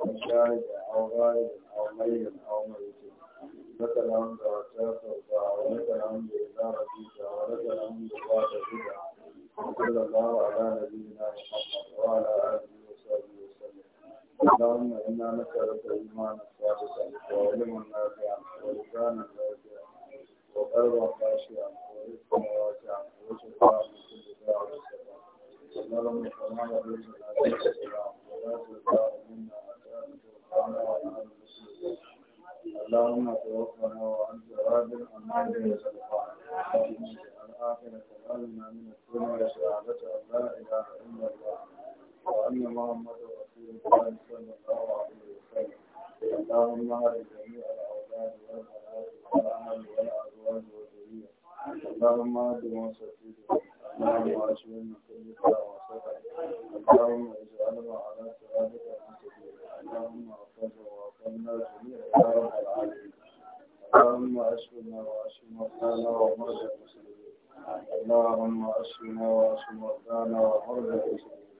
da a karba Thank you. اللهم توفنا وانت راض عنا بالسلطان الآخرة أغنى من الدنيا شهادة أن لا إله إلا الله وأن محمدا رسول الله صلى الله عليه وسلم اللهم اهد جميع الأولاد والبنات والأهل والأزواج والذرية اللهم اهد من سددهم اللهم أشفهم من كل داء وسقم اللهم اجعلهم على صراطك اللهم اشفنا واشف مرضانا ومرضى المسلمين اللهم اشفنا واشف مرضانا ومرضى المسلمين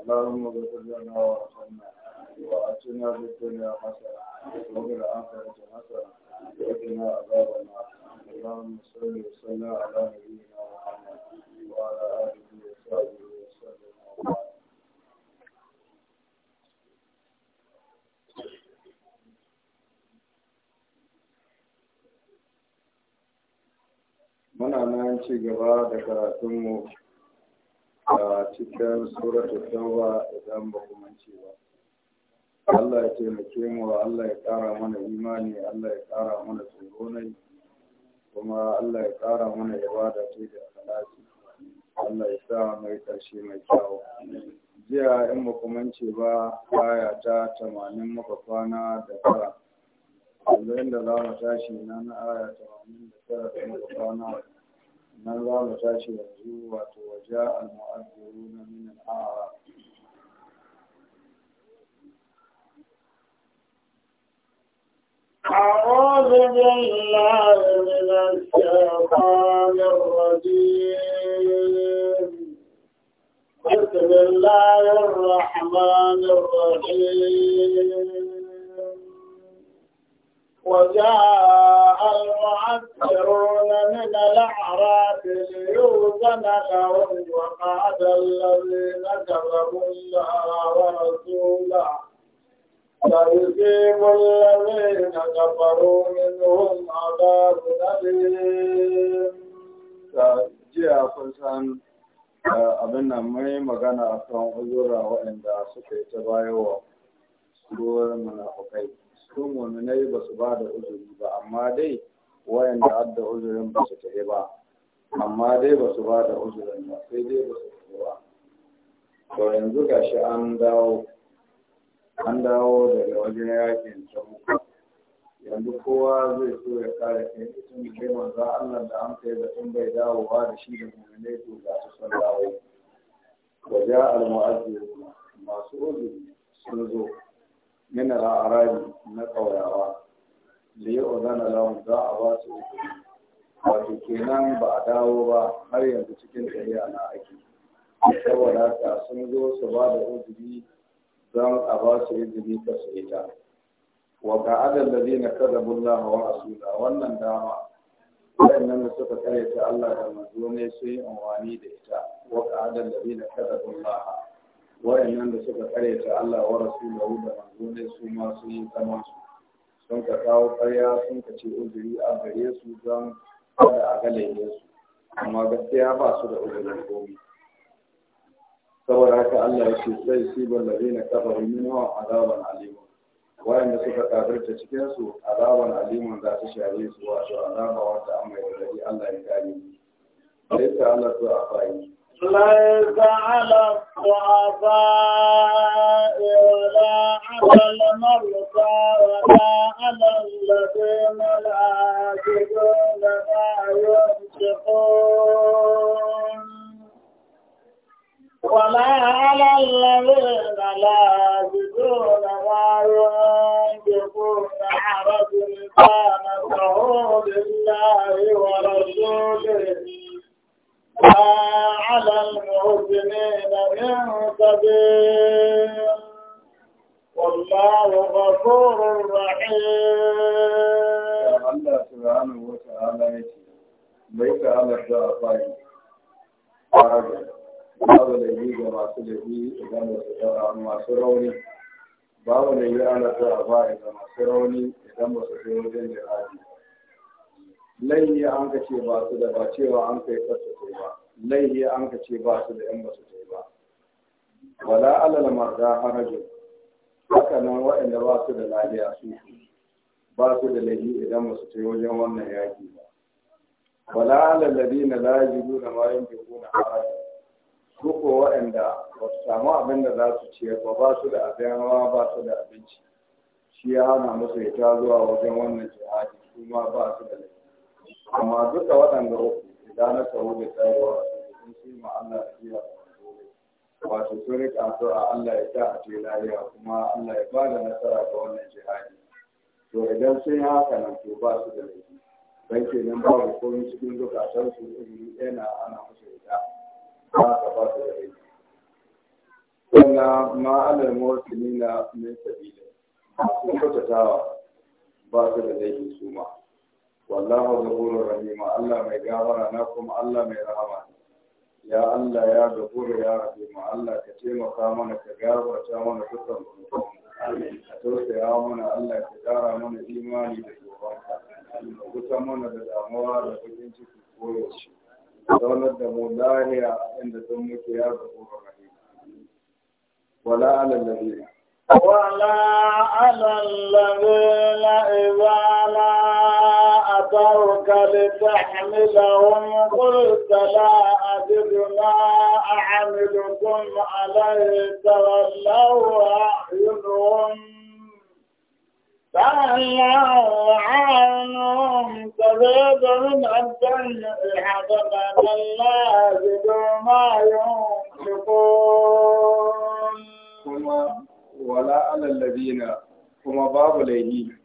اللهم اغفر لنا وارحمنا واتنا في الدنيا حسنه وفي الاخره حسنه وقنا عذاب النار اللهم صل وسلم على نبينا محمد وعلى اله muna nan ci gaba da karatunmu a cikin suratul ba idan ba kuma mance ba Allah ya taimake mu Allah ya ƙara mana imani Allah ya ƙara mana tsoro kuma Allah ya ƙara mana ibada ta da alaƙi Allah ya sa mai ƙarshe mai kyau jiya in ba kuma ce ba aya ta 80 muka kwana da tara yanzu da za mu tashi na na aya tamanin da tara da muka kwana nan za mu tashi yanzu wato waje al-mu'addiru na min al-a'rab أعوذ بالله من الشيطان الرجيم بسم الله الرحمن الرحيم وجاء المعذرون من الأعراب ليؤذن لهم وقعد الذين كذبوا الله ورسوله فيصيب الذين كفروا منهم عذاب أليم jiya kun san abin nan mai magana a kan uzura waɗanda suka yi ta bayowa ruwar munafukai su muminai ba su ba da uzuri ba amma dai wayanda adda uzurin ba su tafi ba amma dai ba su ba da uzurin ba sai dai ba su tafi ba to yanzu gashi an dawo an dawo daga wajen yakin tabuka yanzu kowa zai so ya kare kai mutum kai manza Allah da an kai zaton bai dawo ba da shi da muminai to ga su sun dawo wajen al masu uzuri sun zo min al-arabi na kauyawa da ya ozana lahum za a ba su wato kenan ba a dawo ba har yanzu cikin tafiya na aiki. saboda haka sun zo su ba da uzuri don a ba su izini ka su ita wa ka'adar da zai na kada bullaha wa asula wannan dama waɗannan da suka ta Allah da manzo ne sun yi amfani da ita wa ka'adar da zai na kada bullaha wa'annan da suka ta Allah wa rasulahu da manzo su ma sun yi kama su sun ka kawo karya sun ka ce uzuri a gare su don kada a galaye su amma gaskiya ba su da uzurin komai saboda haka Allah ya ce sai su ballabe na kafaru a azaban alimun wayanda suka kafirta cikin su azaban alimun za ta share su wato azaba wata amma ya Allah ya kare su sai ta Allah to a fa'i ليس على الضعفاء ولا على المرضى ولا على الذين لا يجدون ما ينفقون ولا على الذين لا يجدون ما ينفقون حرج كان له لله ورسوله ما على المحسنين من سبيل والله غفور رحيم الله سبحانه وتعالى ليس على الضعفاء حرج babu laifi ga masu laifi idan da su tara masu rauni babu laifi ana tara ga masu rauni idan ba su kai wajen jihadi laifi an ka ce ba su da ba cewa an kai kasu laihi an ka ce ba su da yan su tai ba wala alal marda harajin haka nan waɗanda ba su da lahiya su ba su da laihi idan ba su ce wajen wannan yaƙi ba wala alal ladina la nuna ma na harajin su ko waɗanda ba su samu abin da za su ce ba ba su da abin hawa ba su da abinci shi ya hana musu ya ta zuwa wajen wannan jihadi kuma ba su da laifi amma duka waɗanda uku idan na sahu da tsayuwa sun ce ma Allah ya iya wato sun rika a Allah ya sa a ce lafiya kuma Allah ya ba da nasara ga wannan jihadi to idan sun yi haka nan to ba su da laifi dan ke nan ku komai cikin zukatan su ilimi yana ana musu ita ba ka ba su da laifi sannan ma'anar mawasili na min sabila masu kyautatawa ba su da laifi su ma wallahu zaburur rahima Allah mai gafara na kuma Allah mai rahama ne. ya Allah ya gafuru ya rahimu Allah ka taimaka mana ka gafarta mana dukkan zunubanmu ka tausaya mana Allah ka kara mana imani da tsoronka ka kusa mana da damuwa da bakin ciki koyaushe zaunar da mu lahiya inda sun muke ya gafuru rahimu wala ala ladina ولا على الذين إذا أتوك لتحملهم قلت لا أجد ما أعملكم عليه تولوا أعينهم تولوا عنهم تبيض من الدمع حسبا لا أجد ما ينفقون ولا على الذين هم باب ليه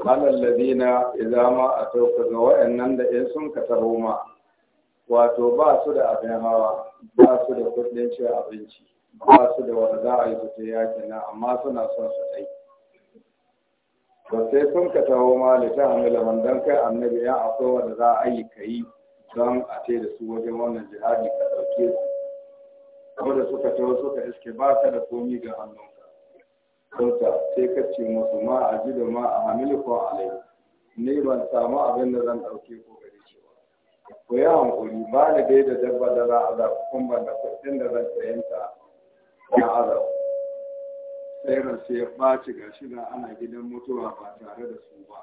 alal ladina idza ma atauka ga wayannan da in sun ka wato ba su da abin hawa ba su da kudin cin abinci ba su da wanda za a yi su ta yaki na amma suna son su tsaye Ba sai sun ka ma da ta hamila wandan kai annabi ya akwai wanda za a yi kai don a ce da su wajen wannan jihadi ka ɗauke su wanda suka taho suka iske ba ka da komi ga hannu. kauta sai ka ce musu ma a ji da ma a kwan alai ne ban samu abin da zan ɗauke ko gari ce ba ku yi hankuri ba da dai da dabba da za a zaɓi kun ban da kuɗin da zan tsayanta na azab sai sai ya ɓaci ga shi ana gidan mutuwa ba tare da su ba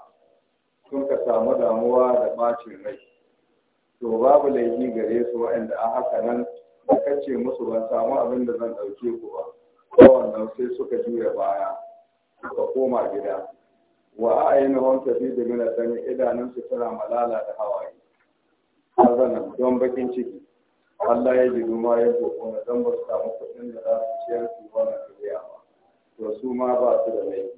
sun ka samu damuwa da ɓacin rai to babu laifi gare su waɗanda a haka nan da ce musu ban samu abin da zan ɗauke ku ba kowannan sai suka juya baya suka koma gida wa wanke fi da mina dani idanunsu tana malala da hawaye azanan don bakin ciki Allah ya ji ma ya roƙo na don ba su samu kuɗin da za su ciyar su wannan duniya ba to su ma ba su da laifi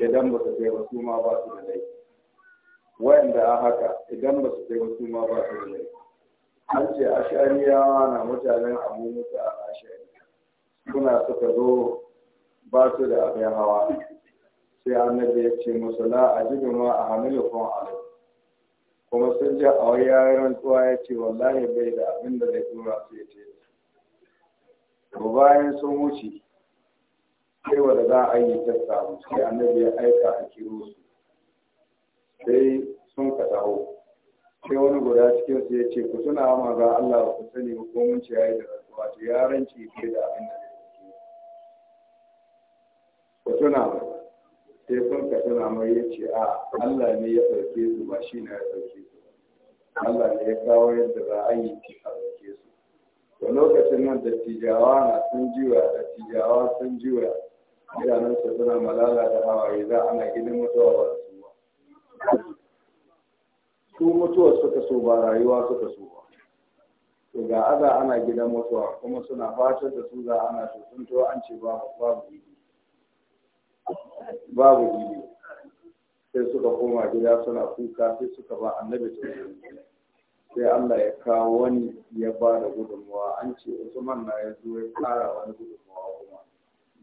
idan ba su kai ba su ma ba su da laifi wayanda a haka idan ba su kai ba su ma ba su da laifi an ce ashariyawa na mutanen abu mutu a ashari suna suka zo ba su da abin hawa sai annabi ya ce musu la ajidu ma a hamilukum alai kuma sun ji a wani yaran tuwa ya ce wallahi bai da abin da zai tura su ya ce to bayan sun wuce sai wanda za a yi ta samu sai annabi ya aika a kiro su sai sun ka taho sai wani guda cikin su ya ce ku suna ma ga Allah ku sani ko mun ce yayi da rasuwa to yaran ci ke da abin da ku sai sun ka tana mai ya ce a Allah ne ya ɗauke su ba shi na ya ɗauke su Allah ne ya kawo yadda za a yi a ɗauke su da lokacin nan dattijawa na sun jiwa dattijawa sun jiwa idanun su suna malala da hawaye za ana gidan mutuwa ba su ba su mutuwa suka so ba rayuwa suka so ba to ga aza ana gidan mutuwa kuma suna fatan da su za ana to sun to an ce babu babu babu jibi sai suka koma gida suna kuka sai suka ba annabi tausayi sai Allah ya kawo wani ya ba da gudunmuwa an ce Usman na ya zo ya kara wani gudunmuwa kuma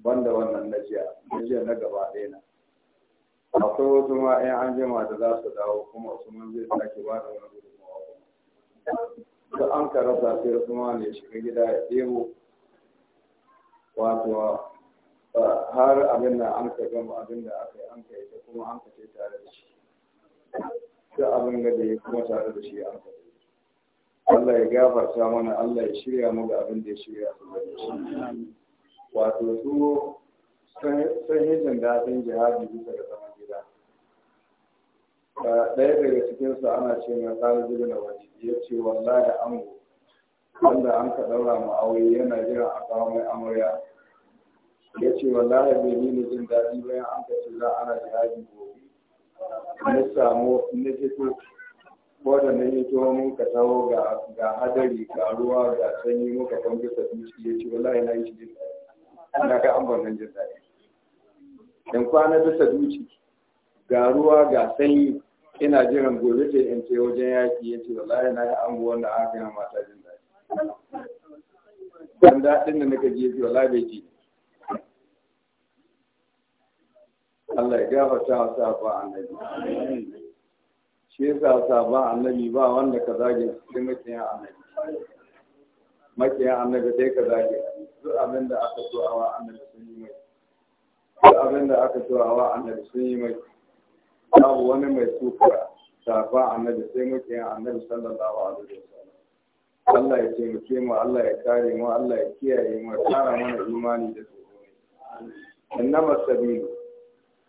banda wannan na jiya na jiya na gaba ɗaya na akwai wasu ma ɗaya an jima da za su dawo kuma Usman zai sake ba da wani gudunmuwa kuma da an karasa sai Usman ya shiga gida ya ɗebo wato har abin da an ka gama abin da aka yi an ka yi kuma an ka ce tare da shi ta abin da ya kuma tare da shi an ka yi Allah ya gafarta mana Allah ya shirya mu da abin da ya shirya su da shi wato su sun hijin daɗin jihadi bisa da zaman gida ɗaya daga cikinsu ana ce na tsari zuba da wani ya ce wallahi ango wanda an ka ɗaura mu aure yana jiran a kawo mai amarya ya ce wallahi bai ni ne jin daɗi bayan an kace za ana jihadi gobe na samu na fito wadda na yi to mun ka tawo ga hadari ga ruwa ga sanyi muka kan bisa duci ya ce wallahi na yi shi jin daɗi na ga an ban jin daɗi dan kwana bisa duci ga ruwa ga sanyi ina jiran gobe sai in ce wajen yaki ya ce wallahi na yi ango wanda aka yi mata jin daɗi dan daɗin da naka ji ya wallahi bai ji Allah ya gafarta wa sahaba annabi shi yasa sahaba annabi ba wanda ka zage su sai makiyan annabi makiyan annabi dai ka zage duk abin da aka so awa annabi sun yi mai duk abin da aka so awa annabi sun yi mai babu wani mai suka sahaba annabi sai makiyan annabi sallallahu alaihi wasallam Allah ya taimake mu Allah ya kare mu Allah ya kiyaye mu ya kara mana imani da tsoro innama sabilu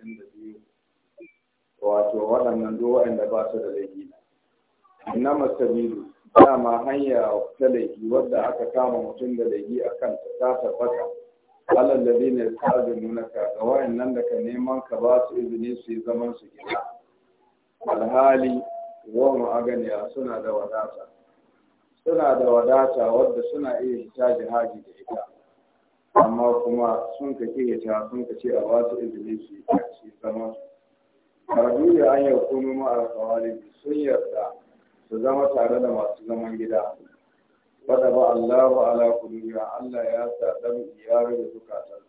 92 wato waɗannan duk waɗanda ba su da laifi na masabilu dama hanya ta laifi wadda aka kama mutum da laifi a kan ta tabbata alal da ne tsazin nunaka ga wayannan da ka neman ka ba su izini su yi zaman su gida alhali wani aganiya suna da wadata suna da wadata wadda suna iya hita jihadi da ita amma kuma sun ka kiyata sun ka ce a wasu izini su a ci zama su karbi da an yau komi ma'ar kawali sun yarda su zama tare da masu zaman gida wadda ba Allah wa ala kulliya Allah ya sa dan iyari da zukatan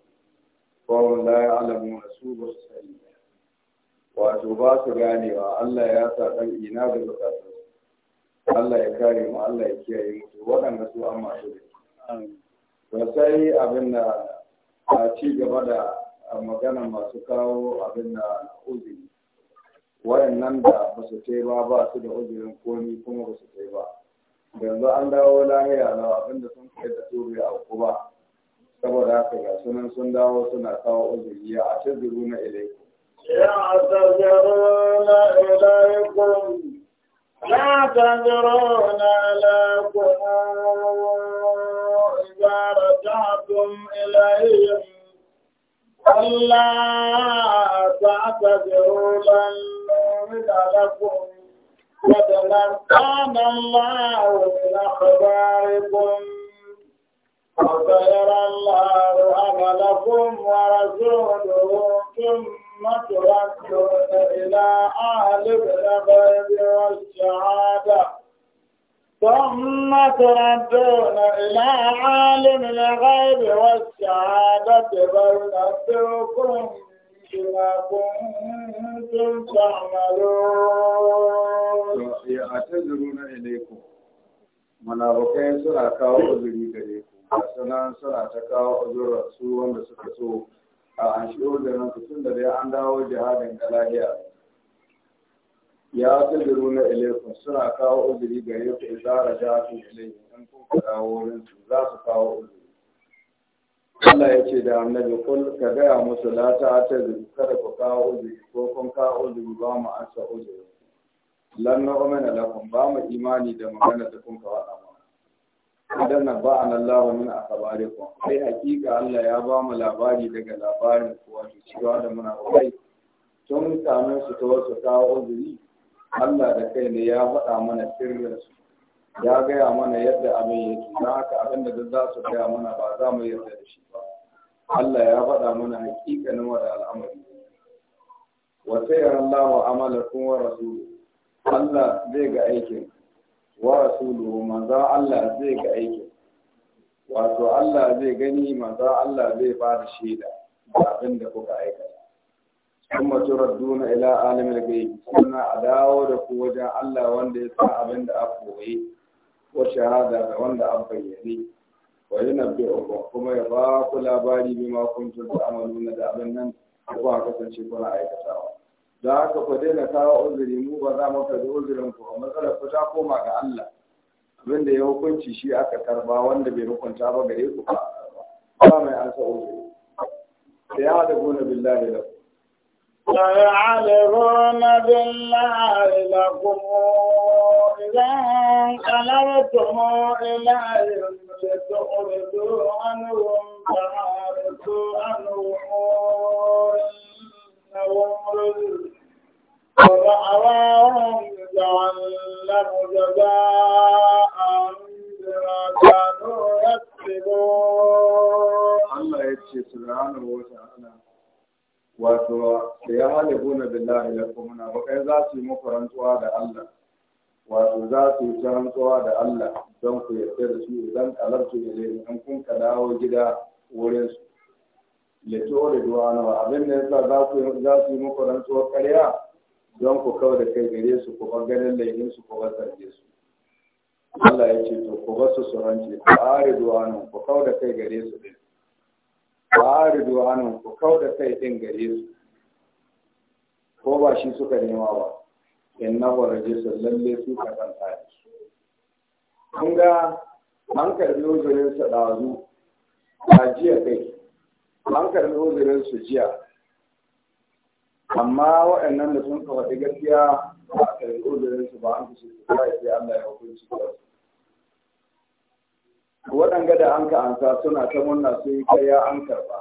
kawai la ya alamu na su ba su sani wato ba su ganewa Allah ya sa dan ina da zukatan Allah ya kare mu Allah ya kiyaye mu waɗanda su an masu da to sai abin da a ci gaba da magana masu kawo abin da uzuri wayannan da ba su tai ba ba su da uzurin komi kuma ba su tai ba yanzu an dawo lahiya na abin da sun kai da turi a ba saboda haka ga sunan sun dawo suna kawo uzuri a tazuru na ilaiku يعتذرون إليكم لا تذرون لكم دعوتكم إليهم ألا تعتذروا لن نؤمن لكم قد نبأنا الله من أخباركم وسيرى الله عملكم ورسوله ثم تردون إلى أهل الغيب والشهادة ثم تردون إلى عالم الغيب والشهادة فينبئكم بما كنتم تعملون. يعتذرون إليكم munafukai suna kawo uzuri gare ku sannan suna ta kawo uzurar su wanda suka so a an shi uzurin su tun da dai an dawo jihadin ga lahiya ya tsibiru na ilaikun suna kawo uzuri ga ku izara ja su ilaikun in kun kada wurin su za su kawo uzuri Allah ya ce da annabi kul ka gaya musu la ta ta kada ku kawo uzuri ko kun kawo uzuri ba mu sa uzuri lan na umana lakum ba mu imani da magana da kun kawo ma. idan na ba an Allah min akabarikum sai hakika Allah ya ba mu labari daga labarin kuwa, shi cewa da muna kai tun kamin su ta wasu kawo uzuri Allah da kai ne ya faɗa mana sirrinsu ya gaya mana yadda abin yake don haka abin da za su gaya mana ba za mu yarda da shi ba Allah ya faɗa mana hakikanin wada al'amari wa sayyara Allah wa amalakum wa rasuluhu Allah zai ga aikin wa rasuluhu manzo Allah zai ga aikin wato Allah zai gani manzo Allah zai ba da shaida da abin da kuka aikata kuma duna ila alimil ghaib sannan a dawo da ku wajen Allah wanda ya san abin da aka koyi ko shahada da wanda an bayyane wa yunabbi'ukum kuma ya ba ku labari bima kuntum ta'maluna da abin nan ko aka kasance kuna aikatawa da haka ku daina kawo uzuri mu ba za mu karbi uzurin ku matsalar ku ta koma ga Allah abin da ya hukunci shi aka karba wanda bai hukunta ba gare ku ba ba mai an sa uzuri sai ya da gona billahi lakum ويعلمون بالله لكم إذا انقلبتم إليهم لتعرضوا عنهم فأعرضوا عنهم إنهم رزق ومأواهم جهنم جزاء بما كانوا يكسبون الله يجزي سبحانه وتعالى wato ya halihuna billahi kuma ba kai za su yi muku rantsuwa da Allah wato za su yi ta rantsuwa da Allah don ku yarda da su idan kalar da ne in kun ka dawo gida wurin su leto da duwana abin da yasa za ku za su yi muku rantsuwa ƙarya don ku kawai da kai gare su ku ba ganin laifin su ku ba zarge su Allah ya ce to ku ba su su rance ku are duwana ku kawai da kai gare su din ba duwanin ku kau da kai ɗin gare su ko ba shi suka nema ba in na waraje su lalle su ka san tsari kun ga an karbi uzurin su ɗazu ba jiya kai an karbi uzurin su jiya amma waɗannan da sun kawaɗi gaskiya ba a karbi uzurin su ba an fi su kawai sai Allah ya hukunci su waɗanga da an ka ansa suna ta murna sun yi karya an karba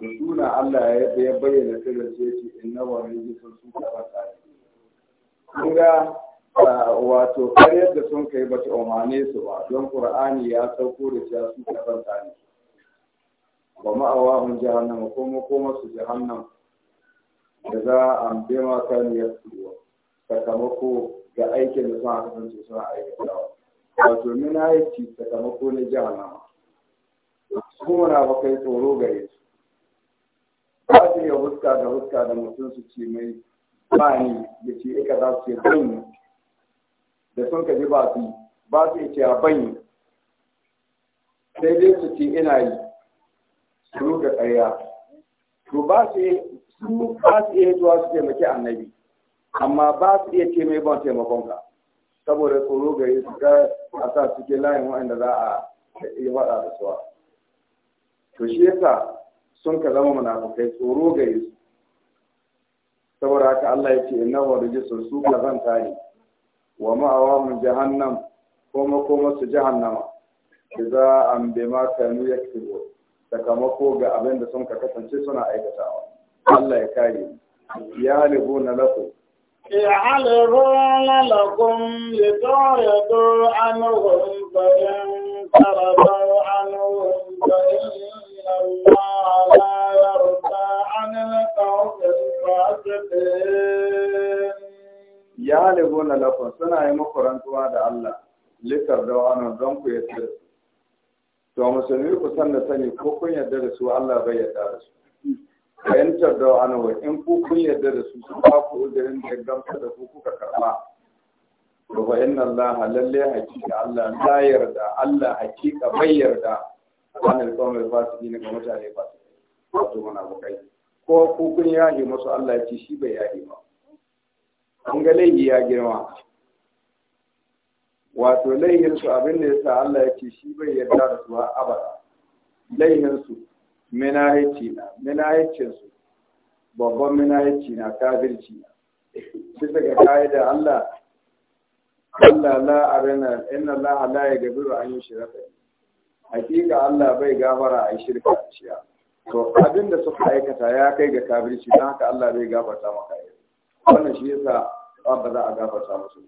da suna Allah ya ya bayyana sirrin su na inna wa sun su karba kun ga wato kar da sun kai bata umarne su ba don Qur'ani ya sauko da cewa su karba Ba wa ji jahannam ko mu koma su hannun da za a bema kan yasuwa sakamako ga aikin da sun aka kasance suna aikatawa wato muna yake sakamako na jahannama su munafukai tsoro gare su ba su iya huska da huska da mutum su ce mai ba ni da ce ika za su ce banyi? da sun kaji ba su ba su ce a banyi. sai dai su ce ina yi su ruga ƙarya to ba su su ba su iya zuwa su taimaki annabi amma ba su iya ce mai ban taimakonka saboda tsoro ga su ga a sa suke layin wa'anda za a yi faɗa da suwa to shi yasa sun ka zama munafukai tsoro ga su saboda haka Allah ya ce inna wa rijisun su ka zan ne wa ma'awa mu jahannam koma koma su jahannama idza an bima kanu yaktubu sakamako ga abin da sun ka kasance suna aikatawa Allah ya kare ya na lafi يحلفون لكم لتعرضوا عنهم فإن ترضوا عنهم فإن الله لا يرضى عن القوم الفاسقين يحلفون لكم سنة مقرنتوا هذا الله لترضوا عنهم دونكم يسرسوا to musulmi ku san da sani ko kun yarda da su Allah bai yarda da su fahimtar da wa in ku kukun yadda da su sun ba ku ujirin da gamsa da ku kuka karba to fa inna allaha lalle hakika allah la yarda allah hakika bai yarda an su fasiqin ga mutane fasiqin wato mana bukai ko kukun ya yi masu allah ya ce shi bai yaje ba An ga laifi ya girma wato laihinsu su abin da ya sa allah ya ce shi bai yarda da su abada Laihinsu. su minahici na su babban minahici na kafirci na bisa ga ka'ida Allah Allah la arina inna Allah la yaghfiru an yushraka hakika Allah bai gafara a shirka ciya to abin da suka aikata ya kai ga kafirci don haka Allah bai gafarta maka wannan shi yasa ba za a gafarta musu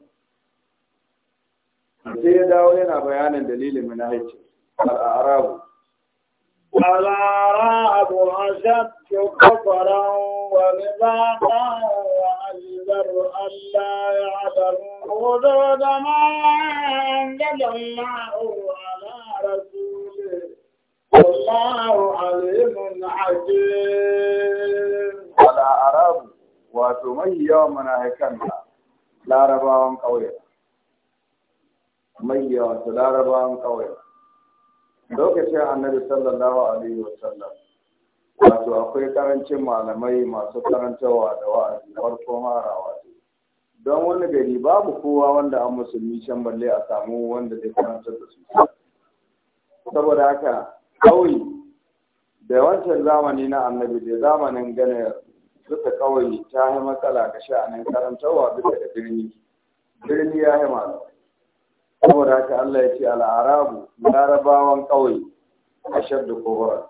ba sai ya dawo yana bayanin dalilin minahicin al-arabu الأعراب أشد كفرا ونفاقا وأجدر ألا يعلموا حدود ما أنزل الله على رسوله والله عليم حكيم الأعراب وتمي يومنا هكذا لا رباهم قوية مي وتلا رباهم قوية lokacin annabi sallallahu alaihi wasallam wato akwai karancin malamai masu karantarwa da wa'azi farko mara wato don wani gari babu kowa wanda an musulmi can balle a samu wanda zai karanta da su saboda haka kawai da wancan zamani na annabi da zamanin gane duka kawai ta yi matsala ga sha'anin karantarwa duka da birni birni ya yi malamai saboda haka Allah ya ce al'arabu larabawan kawai, a da kubura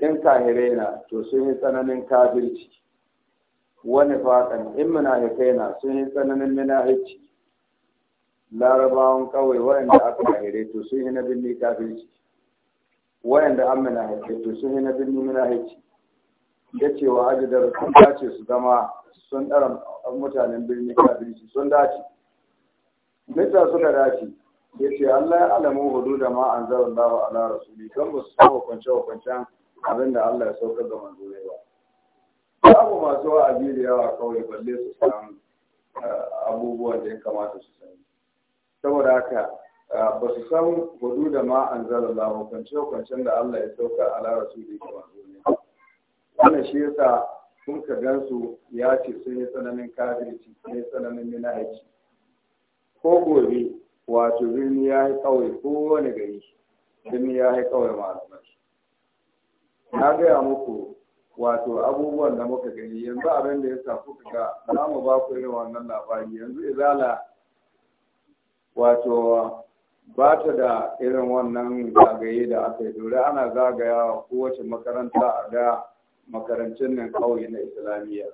in kahirai na to sun yi tsananin kafirci wani fatan in munafikai na sun yi tsananin munafici larabawan kawai wayanda aka kahire to sun yi na binni kafirci wayanda an munafikai to sun yi na binni munafici ya ce wa ajidar sun dace su zama sun ɗara mutanen birni kafirci sun dace Mita suka dace, ya ce Allah ya alamu hudu da ma an zarar lawa ala ne, don ba su sa wa hukuncen abin da Allah ya saukar da manzo ne ba. Babu masu wa da yawa kawai balle su san eh, abubuwan da ya kamata su sani. Saboda haka eh, ba su san hudu da ma an zarar kwanci wa hukuncen da Allah ya saukar ala rasuli ga manzo ne ba. Wannan shi yasa kun ka gansu ya ce sun yi tsananin kafirci sun yi tsananin minahici. ko gobe wato birni ya yi kawai ko wani gari birni ya yi kawai malamai na gaya muku wato abubuwan da muka gani yanzu abin da ya safu kuka ga za mu ba ku irin wannan labari yanzu izala wato ba ta da irin wannan zagaye da aka yi dole ana zagaya kowace makaranta a ga makarantun nan kawai na islamiyya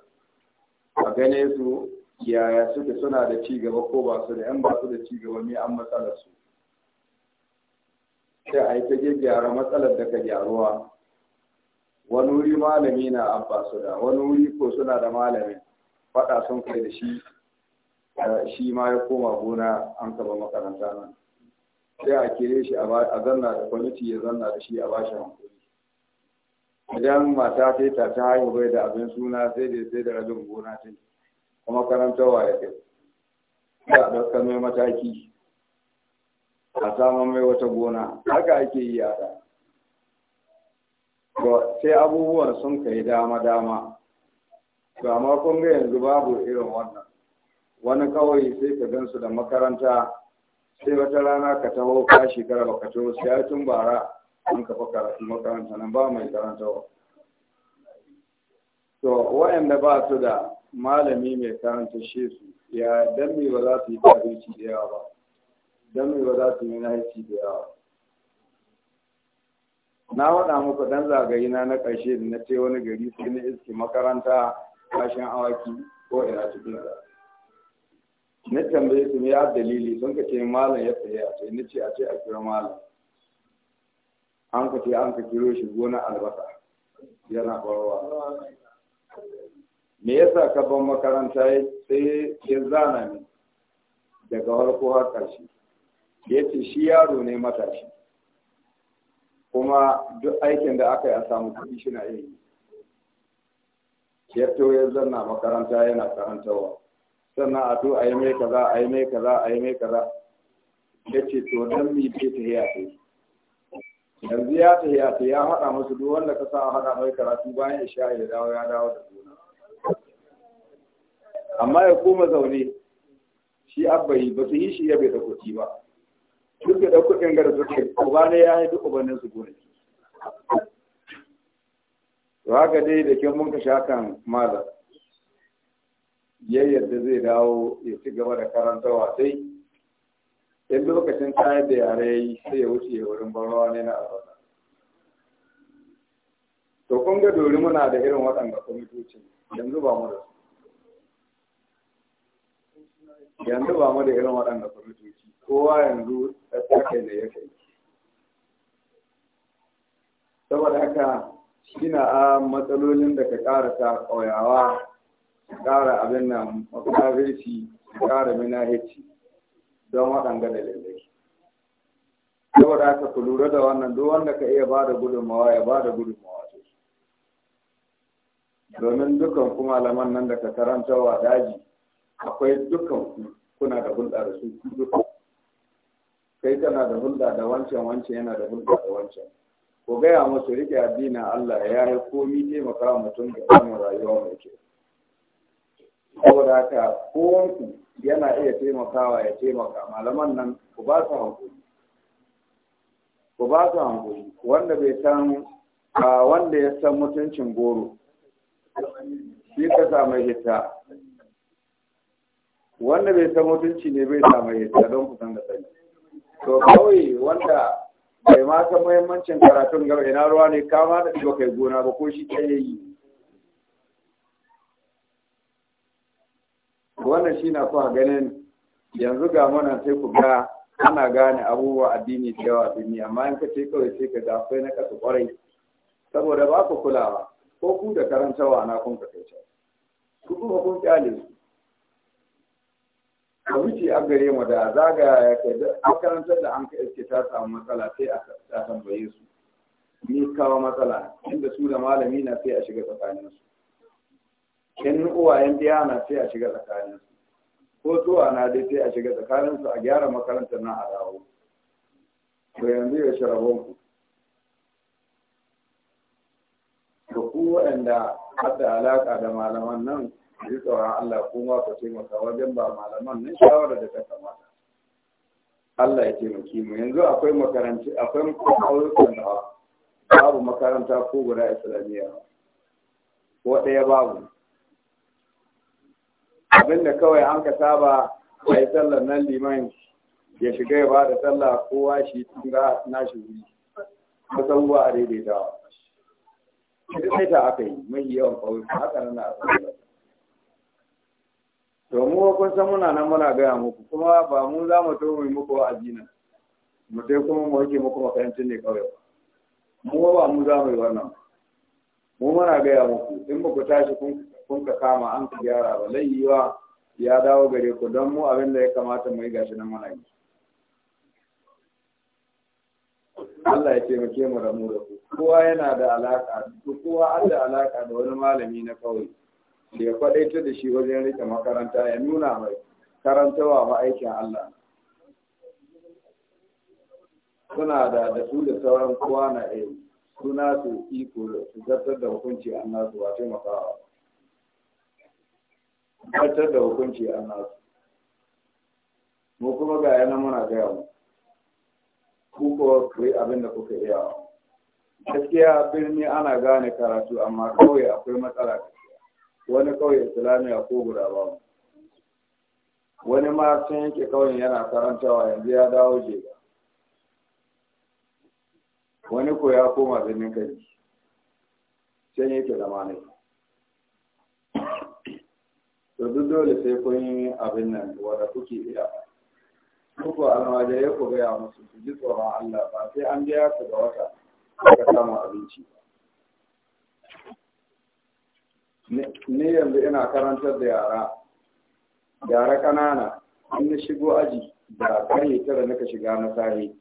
a gane su yaya suke suna da ci gaba ko ba su da yan ba su da ci gaba me an matsalar su sai a yi ta gyara matsalar da ka gyaruwa wani wuri malami na ba su da wani wuri ko suna da malami faɗa sun kai da shi shi ma ya koma gona an kaba makaranta nan sai a kere shi a zanna da kwamiti ya zanna da shi a bashi hankali idan mata ta ta ta haihu bai da abin suna sai da sai da rabin gona ta yi kuma karanta ya kai ya ɗaukar mai mataki a saman mai wata gona haka ake yi a da sai abubuwan sun kai dama-dama to amma kun ga yanzu babu irin wannan wani kawai sai ka gansu da makaranta sai wata rana ka taho ka shekara ba ka taho sai tun bara an kafa karatu makaranta nan ba mai karantawa to waɗanda ba su da malami mai karanta shesu ya dan me ba za su yi tarihi da yawa ba dan me ba za su yi nahici da yawa na waɗa muku dan zagayi na na ƙarshe da na ce wani gari sai na iske makaranta kashin awaki ko ina cikin sa na tambaye su me ya dalili sun ka ce malam ya tsaye a ce ni ce a ce a kira malam an ka ce an ka kiro shi gona albasa yana faruwa me yasa ka ban makaranta sai ya zana ni daga farko har ƙarshe ya ce shi yaro ne matashi kuma duk aikin da aka yi a samu kuɗi shi na yi ya to ya zanna makaranta yana karantarwa sannan a to a yi mai kaza a yi mai kaza a yi mai kaza ya ce to don mi bai ta hiya ta yanzu ya ta hiya ta ya haɗa musu duk wanda ka sa a haɗa mai karatu bayan sha ya dawo ya dawo da su amma ya koma zaune shi abbai ba su yi shi ya bai da kuki ba duk da kuɗin gara suke uba ne ya yi duk ubannin su gonaki Ba ga dai da kyau mun kashe hakan malam ya zai dawo ya ci gaba da karantawa sai in lokacin tayar da yare ya yi sai ya wuce wurin barawa ne na albasa to kun ga dori muna da irin waɗanda kwamitocin yanzu ba mu da su yanzu ba mu da irin waɗanda kwamitoci kowa yanzu tsakai da ya kai saboda haka shi na a matsalolin da ka ƙara ta ƙauyawa ka ƙara abin na makarici ka ƙara minahici don waɗanda da lallai saboda haka ku lura da wannan duk wanda ka iya ba da gudunmawa ya ba da gudunmawa domin dukan kuma malaman nan da ka karanta wa daji akwai dukkan ku kuna da hulɗa da su ku duka kai kana da hulɗa da wancan wancan yana da hulɗa da wancan ko gaya musu rike addinin Allah ya yi komi taimaka mutum da samun rayuwa mai kyau saboda haka kowanku yana iya taimakawa ya taimaka malaman nan ku ba su hankali ku ba su hankali wanda bai san wanda ya san mutuncin goro shi ka sa mai hita wanda bai san mutunci ne bai samu yadda don kusan da sani to kawai wanda bai ma san muhimmancin karatun gaba ina ruwa ne kama da shi kai gona ba ko shi ɗaya yi wannan shi na kuwa ganin yanzu ga mana sai ku ga ana gane abubuwa addini da yawa duniya amma in ka ce kawai sai ka ga akwai na kasu kwarai saboda ba ku kulawa ko ku da karantawa na kun ka kai ku kuma kun kyale su ka wuce a gare mu da zagaya ka da makarantar da an ka iske ta samu matsala sai a tambaye su ni kawo matsala inda su da malami na sai a shiga tsakanin su in uwayen ɗaya na sai a shiga tsakanin su ko zuwa na dai sai a shiga tsakanin su a gyara makarantar na a dawo to yanzu ya rabon ku to ku waɗanda haɗa alaka da malaman nan ji tsoron Allah kuma ku taimaka wajen ba malaman nan shawara da ta kamata Allah ya taimaki mu yanzu akwai makaranci akwai kauyukan da babu makaranta ko guda islamiyya ko ɗaya babu abinda kawai an ka saba a yi sallar nan liman ya shiga ya bada sallah kowa shi tun ga nashi wuri kusan ba a daidaitawa. Ita ta aka yi mai yawan kawai haka nan a to mu kun san muna nan muna gaya muku kuma ba mu za mu to mu muku wa'azi nan mu dai kuma mu yake muku makarantun ne kawai mu ba mu za mu yi wannan mu muna gaya muku in muku tashi kun ka kama an ka gyara ba layyiwa ya dawo gare ku don mu abin da ya kamata mu yi gashi nan muna yi Allah ya taimake mu da mu da ku kowa yana da alaka kowa da alaka da wani malami na kawai ya faɗaita da shi wajen rike makaranta ya nuna mai karantawa ba aikin Allah suna da da su da sauran kowa na ɗaya suna su iko su zartar da hukunci an nasu ba makawa zartar da hukunci an nasu mu kuma ga yana muna gaya mu ku ko ku abin da kuka iya gaskiya birni ana gane karatu amma kawai akwai matsala wani kawai islamiyya ko guda ba wani ma sun yanke kawai yana karantawa yanzu ya dawo jega wani ko ya koma birnin kaji can yake zama ne to duk dole sai kun yi abin nan wanda kuke iya kuku almajirai ku gaya musu su ji tsoron Allah ba sai an biya su ga wata ka samu abinci ba ni yanzu ina karantar da yara yara ƙanana an na shigo aji da karye tara naka shiga na sahi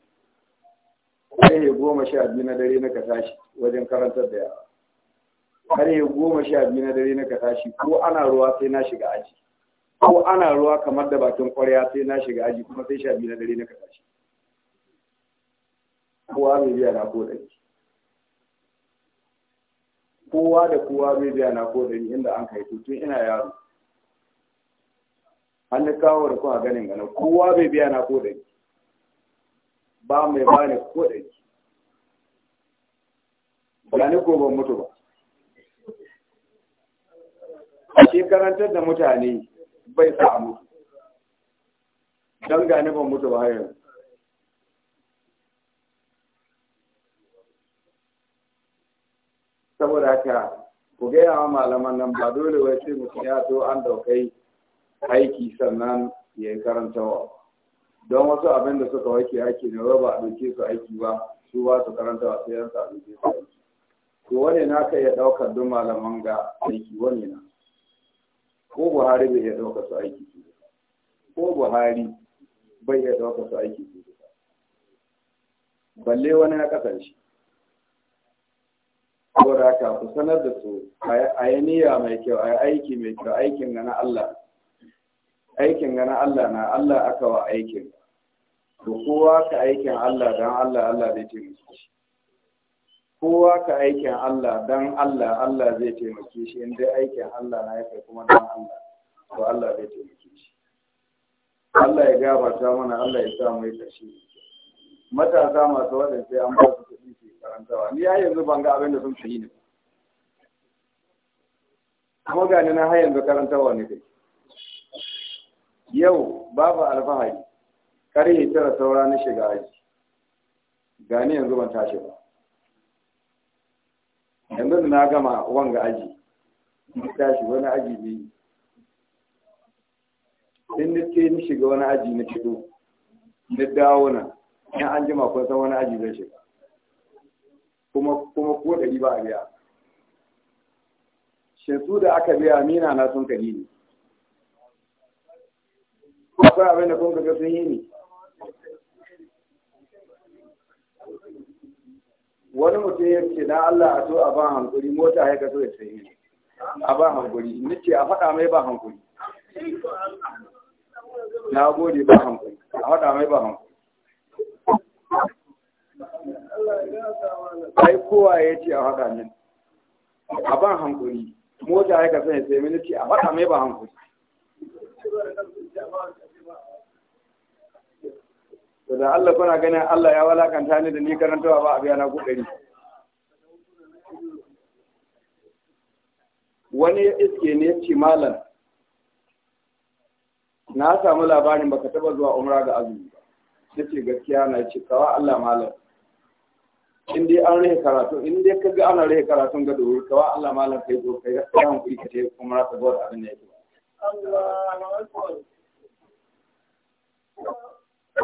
karye goma sha biyu na dare naka tashi wajen karantar da yara karye goma sha biyu na dare naka tashi ko ana ruwa sai na shiga aji ko ana ruwa kamar da bakin kwarya sai na shiga aji kuma sai sha biyu na dare naka tashi kowa mai biya na ko ɗauki kowa da kowa bai biya na ko dari inda an kai tun ina yaro an ni kawo da kuma ganin ganin kowa bai biya na ko dari ba mai ba ni ko dari ba ni ko ban mutu ba a karantar da mutane bai sa a mutu don gane ban mutu ba har yanzu saboda haka ku gaya wa malaman nan ba dole wai sai mutum ya to an daukai aiki sannan ya yi karantawa don wasu abin da suka wake ake ne ba a ɗauke su aiki ba su ba su karanta sai yansa a ɗauke su aiki to wani na ka iya ɗaukar duk malaman ga aiki wani na ko buhari bai iya ɗauka su aiki su ko buhari bai iya ɗaukar su aiki su balle wani na kasance. saboda haka ku sanar da su a yi niyya mai kyau a aiki mai kyau aikin gana Allah aikin gana Allah na Allah aka wa aikin to kowa ka aikin Allah don Allah Allah zai taimake shi kowa ka aikin Allah don Allah Allah zai taimake shi in dai aikin Allah na yake kuma don Allah to Allah zai taimake shi Allah ya gabata mana Allah ya sa mu yi kashi matasa masu waɗanda sai an ba su kuɗi su karantawa ni ya yanzu ban ga abin da sun fi ne kuma gani na har yanzu karantawa ne kai yau babu alfahari ya tara saura na shiga aji gani yanzu ban tashi ba yanzu da na gama wanga aji ni tashi wani aji ne sai ni shiga wani aji na fito na dawo nan in an jima kun san wani aji zai shiga kuma kuma ɗari ba a biya shin da aka biya mina na sun kari ne akwai abin da kun kaga sun yi ne wani mutum ya ce na Allah a so a ban hankuri mota ya so ya sayi ne a ban hankuri ni ce a faɗa mai ba hankuri na gode ba hankuri a faɗa mai ba hankuri ai kowa ya ce a haɗa min a ban hankuri mota ya kasance sai mini ce a faɗa mai ba hankuri to da Allah kuna ganin Allah ya walakanta ni da ni karantawa ba a biya na kuɗari wani ya iske ne ya ce malam na samu labarin baka taɓa zuwa umra ga azumi ta gaskiya na ce kawa Allah malam in dai an rahe karatu in dai kaga ana rahe karatun ga dole kawa Allah malam kai zo kai gaskiya mun kike ce kuma rasa gawar abin da yake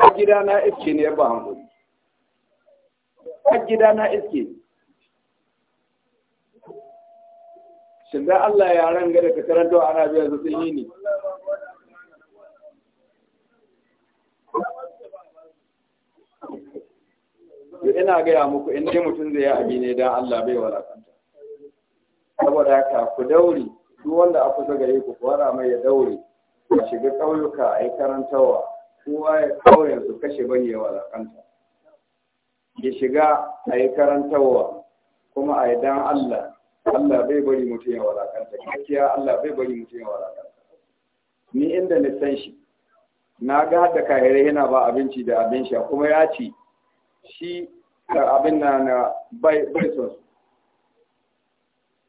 a gida na iske ne ya ba hankali a gida na iske shin da Allah ya ranga da ka karanta ana biya su sun yi ne ina gaya muku in dai mutum zai yi abi ne dan Allah bai walakanta saboda haka ku daure duk wanda aka kusa gare ku fara mai ya daure ya shiga ƙauyuka a yi karantawa kowa ya ƙauyen su kashe bane ya walakanta ya shiga a yi karantawa kuma a yi dan Allah Allah bai bari mutum ya walakanta gaskiya Allah bai bari mutum ya walakanta ni inda ni san shi na ga da kahirai yana ba abinci da abin sha kuma ya ci shi abin na na bai bai son su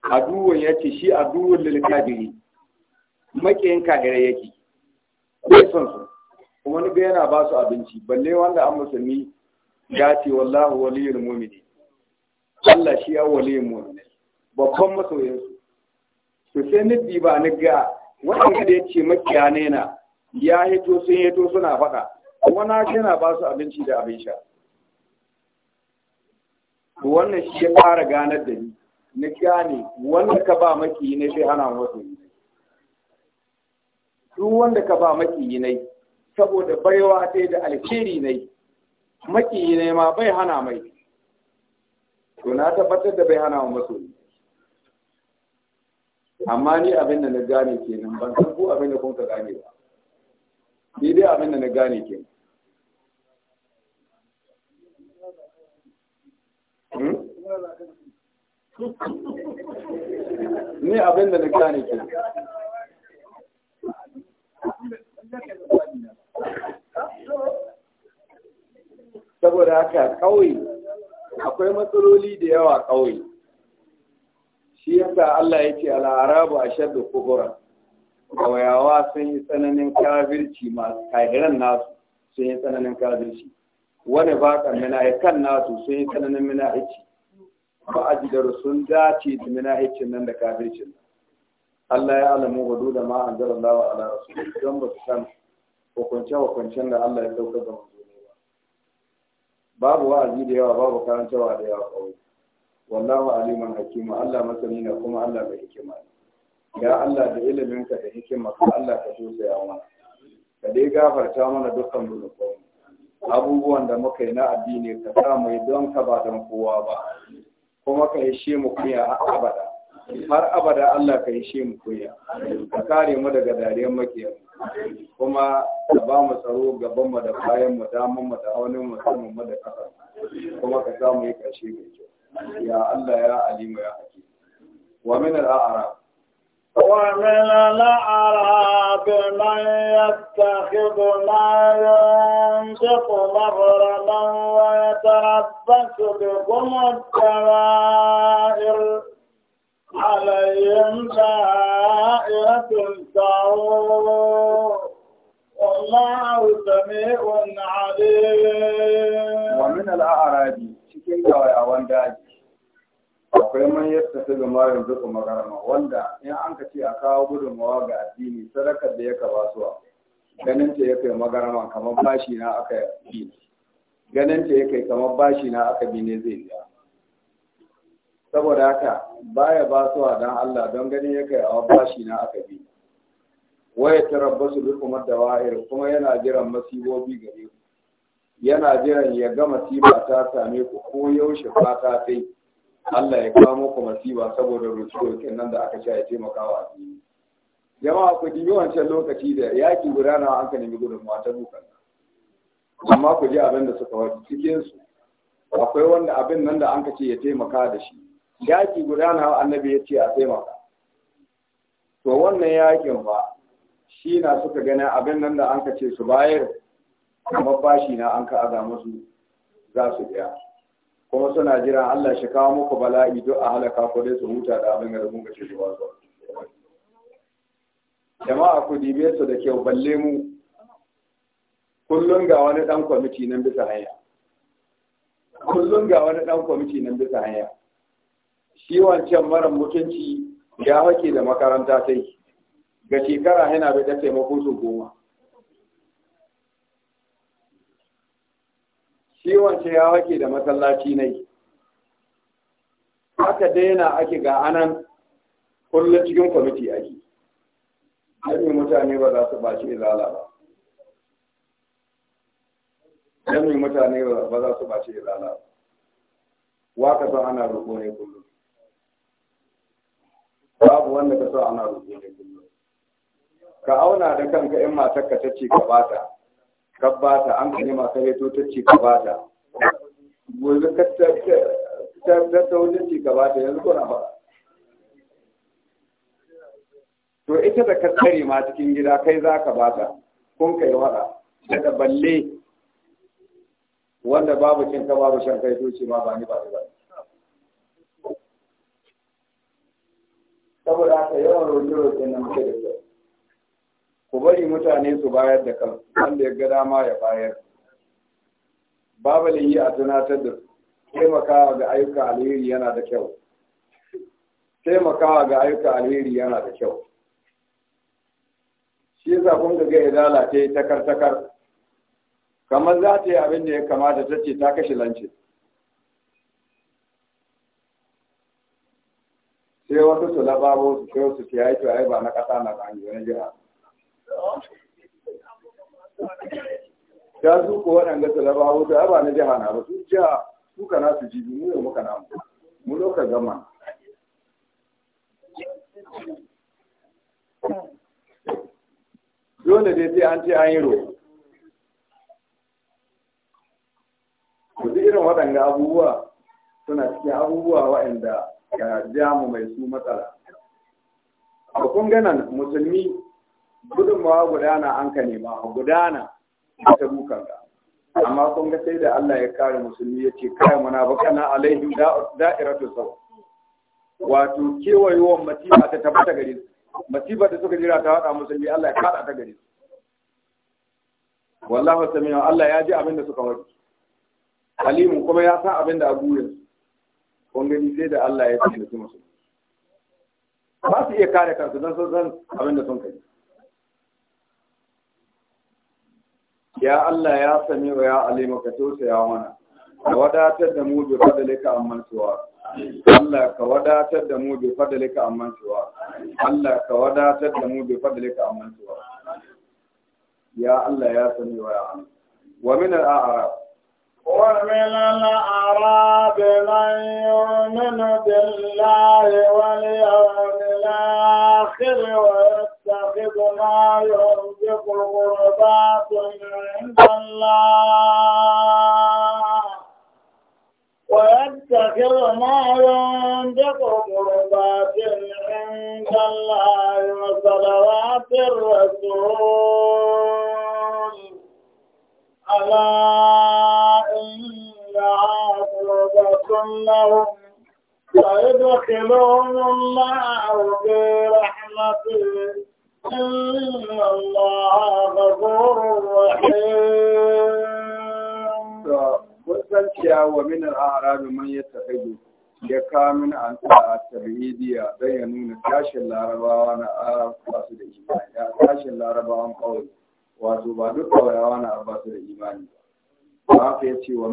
aduwan ya ce shi aduwan lilkafiri makiyin kahire yake bai son su kuma ni ga yana ba su abinci balle wanda an musulmi ya ce wallahu waliyul mu'mini Allah shi ya waliyul mu'mini babban masoyin su to sai ni ba ni ga wanda da yace makiya ne na ya hito sun hito suna faɗa kuma na yana ba su abinci da abin sha to wannan shi ya fara ganar da ni na gane wanda ka ba maki ne sai hana wasu duk wanda ka ba maki ne saboda baiwa sai da alheri ne maki ne ma bai hana mai to na tabbatar da bai hana wa masoyi amma ni abin da na gane kenan ban san ko abin da kun ka gane ba ni dai abin da na gane kenan ni abin da na gane ke saboda haka ƙauye akwai matsaloli da yawa ƙauye shi yasa Allah yake ce al'arabu a shaddu kubura ƙauyawa sun yi tsananin kafirci masu kahiran nasu sun yi tsananin kafirci wani bakan mina kan nasu sun yi tsananin mina ma'ajidar sun dace da minahicin nan da kafircin nan Allah ya alamu hudu da ma an zara lawa ala rasulun don ba su san hukunce-hukuncen da Allah ya sauka ga manzo ne ba. Babu wa'azi da yawa babu karantarwa da yawa kawai. Wallahu aliman Hakima, Allah masani na kuma Allah da hikima ne. Ya Allah da iliminka da hikima ka Allah ka tausaya mana. Ka dai gafarta mana dukkan zunubanmu. Abubuwan da muka yi na addini ka sa mu don ka ba don kowa ba. kuma ka shi mu kuya a abada har abada Allah ka shi mu kuya ka kare mu daga dariyar makiya kuma ka ba mu tsaro gaban mu da bayan mu daman mu da aunin mu mu da kasar kuma ka samu yi kashi mai kyau ya Allah ya alima ya hakim wa min al-a'rab ومن الأعراب من يتخذ ما ينفق مغرما ويتربص بكم الدوائر عليهم دائرة السوء والله سميع عليم ومن الأعراب شكرا يا ونداجي akwai man yadda ta gama yanzu kuma karama wanda in an ka ce a kawo gudunmawa ga addini sadakar da ya kaba suwa ganin ta ya kai magarama kamar bashi na aka yi. ganin ta ya kai kamar bashi na aka bi ne zai biya saboda haka baya ba suwa don Allah don ganin ya kai a bashi na aka bi waya ta rabba su bi kuma da wa'ir kuma yana jiran masibobi gare ku yana jiran ya ga tiba ta same ku ko yaushe fata ta yi Allah ya kawo ku masiba saboda roƙe-roƙen nan da aka ce ya taimaka wa addini jama'a ku dibi wancan lokaci da yaki gudana an ka nemi gudunmawa ta duka. amma ku ji abin da suka wata cikin su akwai wanda abin nan da an ka ce ya taimaka da shi yaki gudana annabi ya ce a taimaka to wannan yakin fa shi na suka gani abin nan da an ka ce su bayar Amma bashi na an ka aza musu za su biya kuma suna jiran Allah shi kawo muku bala'i duk a halaka ko dai su huta da abin da mun gace ba jama'a ku dibe su da kyau balle mu kullun ga wani dan kwamiti nan bisa hanya kullun ga wani dan kwamiti nan bisa hanya shi wancan mara mutunci ya hake da makaranta sai ga shekara yana da taimako su goma ciwon ce ya wake da masallaci ne aka daina ake ga anan kullum cikin kwamiti ake jami mutane ba za su baci izala ba jami mutane ba za su baci izala ba waka san ana roƙo ne kullum babu wanda ka san ana roƙo ne kullum ka auna da kanka in matarka ta ce ka bata ka bata an ka ma ka reto ta ce ka bata gobe ka ta wajen ce ka bata yanzu kuna ba to ita da ka ma cikin gida kai za ka bata kun kai wada daga balle wanda babu cin ka babu shan kai to ma ba ni ba ba saboda haka yawan rojo-rojo na muke da kyau ku bari mutane su bayar da kansu wanda ya ga dama ya bayar babu yi a tunatar da su taimakawa ga ayyuka alheri yana da kyau taimakawa ga ayyuka alheri yana da kyau shi yasa kun ga idala ta yi takar takar kamar za ta yi abin da ya kamata ta ce ta kashe lanci sai wasu su lababo su kai su ce to ai ba na kasa na ba ne wani jira ya su ko waɗanda talabawa da ba na jiha na ba su ja su kana su ji mu yau muka namu mu loka gama dole dai sai an ce an yi roƙo ku irin waɗanda abubuwa suna cikin abubuwa waɗanda ga jamu mai su matsala a kun musulmi gudunmawa gudana an ka nema gudana ta bukanka amma kun ga sai da Allah ya kare musulmi ya ce kai mana bakana alaihi da'iratu sau wato kewayowar masifa ta tabbata gare su masifa da suka jira ta wada musulmi Allah ya kada ta gare su wallahu samiu Allah ya ji abin da suka wadi alimu kuma ya san abin da a burin kun gani sai da Allah ya tsare su musulmi ba su iya kare kansu don sun san abin da sun kai ya Allah ya sami wa ya alima ka tausaya mana ka wadatar da mu bi fadalika amman suwa Allah ka wadatar da mu bi fadalika amman suwa Allah ka wadatar da mu bi fadalika amman suwa ya Allah ya sami wa ya alima wa min al-a'rab ومن الأعراب من يؤمن بالله واليوم الآخر ويكفر يتخذ ما ينفق قربات عند الله ويتخذ ما ينفق قربات عند الله وصلوات الرسول ألا إنها قربة لهم ويدخلهم الله برحمته إن الله غفور رحيم kusan ciyawa min al'arabi man ya tafi ya kamin an a tarhidiyya don ya nuna tashin larabawa na arab da imani ya tashin larabawan kawai wato ba duk kawayawa na arab da imani ba ba ya ce wa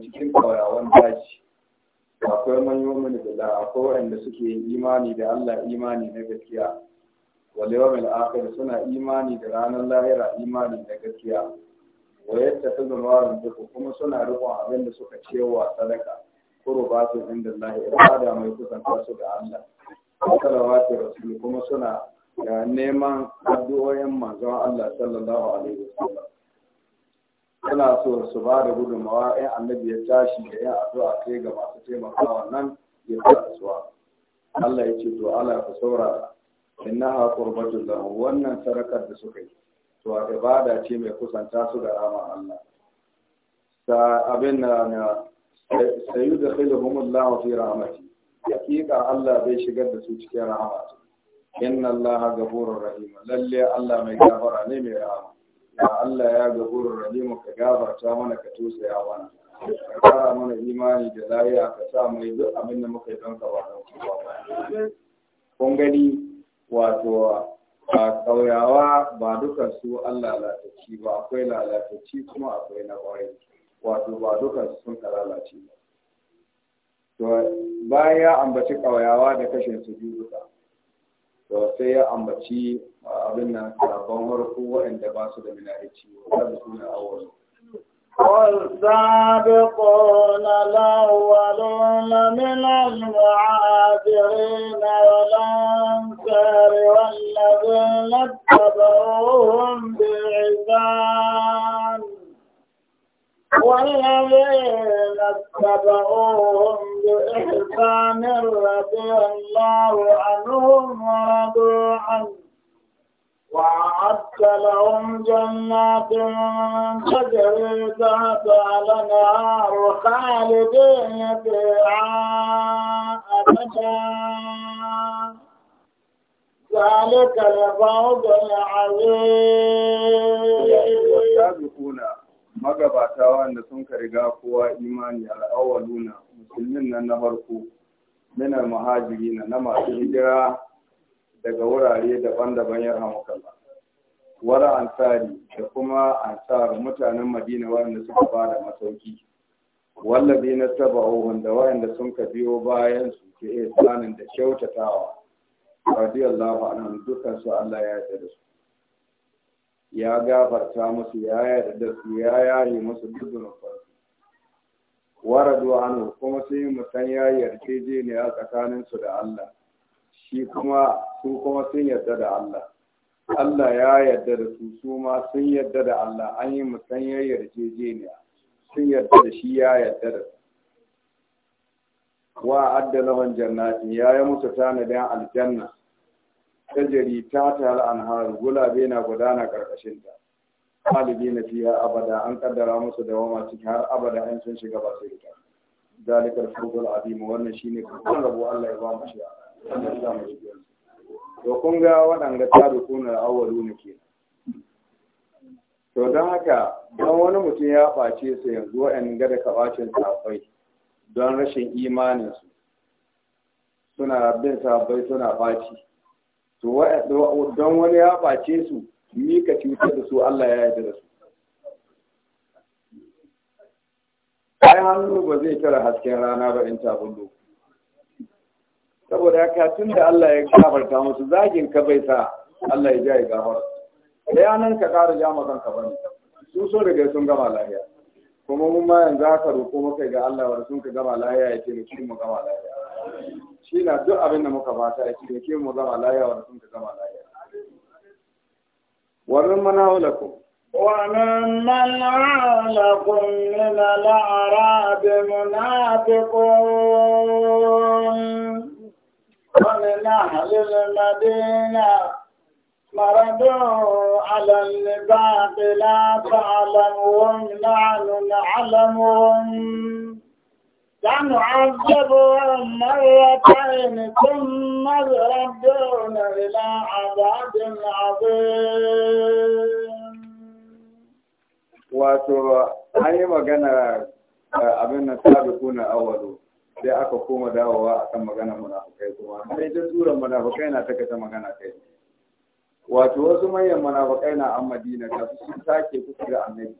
cikin daji akwai manyan akwai waɗanda suke imani da allah imani na gaskiya wal yawmil suna imani da ranar lahira imani da gaskiya wa ta zama duku kuma suna riƙon abin da suka cewa sadaka qurbatu inda Allah ibada mai kusanta su ga Allah salawatu kuma suna da neman addu'o'in manzon Allah sallallahu alaihi wasallam suna so su ba da gudunmawa in annabi ya tashi da ya addu'a kai ga masu taimakawa nan ya fara suwa Allah ya ce to Allah ku saurara innaha qurbatul lahu wannan sarakar da suka yi to ibada ce mai kusanta su da rama, Allah sa abin na na sayudkhiluhumullahu fi rahmati hakika Allah bai shigar da su cikin rahama inna Allah ghafurur rahim lalle Allah mai gafara ne mai rahama ya Allah ya ghafurur rahim ka gafarta mana ka tusaya mana ka kara mana imani da lafiya ka sa mu yi duk abin da muka yi don ka ba kun gani wato a ƙauyawa ba duka su Allah lalatacci ba akwai lalatacci kuma akwai na ƙwarai wato ba duka su sun lalace ba to bayan ya ambaci ƙauyawa da kashin su biyu duka to sai ya ambaci abin nan sabon harko waɗanda ba su da minareci wanda su ne awon والسابقون الأولون من المعاذرين والأنصار والذين اتبعوهم بإحسان والذين اتبعوهم بإحسان رضي الله عنهم ورضوا عنه وأعدت لهم جنات تجري تحتها الأنهار خالدين فيها أبدا ذلك الفوز العظيم magabata wanda sun ka riga kowa imani al'awwaluna musulmin nan na farko minar muhajirina na masu hijira daga wurare daban-daban ya ramu kalla wara ansari da kuma ansar mutanen madina waɗanda suka ba da masauki wallabi na taba ohun da waɗanda sun ka biyo bayan su ke iya da kyautatawa radiyallahu anhu dukkan su Allah ya yarda su ya gafarta musu ya yarda su ya yare musu dukkan farko waradu anhu kuma sai mutan ya yarda ne a tsakanin su da Allah shi kuma su kuma sun yarda da Allah Allah ya yarda da su su ma sun yarda da Allah an yi musanyar yarjejeniya sun yarda da shi ya yarda da su wa adda lahun jannati ya yi musu tanadin aljanna ta jari ta tara anharu gulabe na gudana karkashin ta ɗalibi na fiya abada an kaddara musu da wama ciki har abada an sun shiga ba su rika zalikar furgul adimu wannan shine kan rabo Allah ya ba mu shi Allah ya sa mu shi to kun ga waɗanda awalu na ke? to don haka don wani mutum ya ɓace su yanzu wa'yan gada ka ɓacin safai don rashin imaninsu suna bin safai suna ɓaci to don wani ya ɓace su ni ka cutar da su Allah ya yi da su ai hannu ba zai tara hasken rana ba in ta doku saboda haka tun da Allah ya gafarta musu zagin ka bai sa Allah ya ja ya gafar bayanan ka ƙara ja makan ka bane su so daga sun gama lahiya kuma mun ma yanzu aka roƙo maka ga Allah wa sun ka gama lahiya ya taimake mu gama lahiya shi na duk abin da muka fata ya taimake mu gama lahiya wa sun ka gama lahiya wannan mana lakum وممن لكم من الأعراب منافقون ومن أهل المدينة مردوا على النفاق لا تعلمهم نحن نعلمهم سنعذبهم مرتين ثم يردون إلى عذاب عظيم wato an yi magana abin na sai aka koma dawowa akan magana munafukai kuma sai ta tura munafukai na ta kata magana kai wato wasu manyan munafukai na an madina ta su sun sake kusa da annabi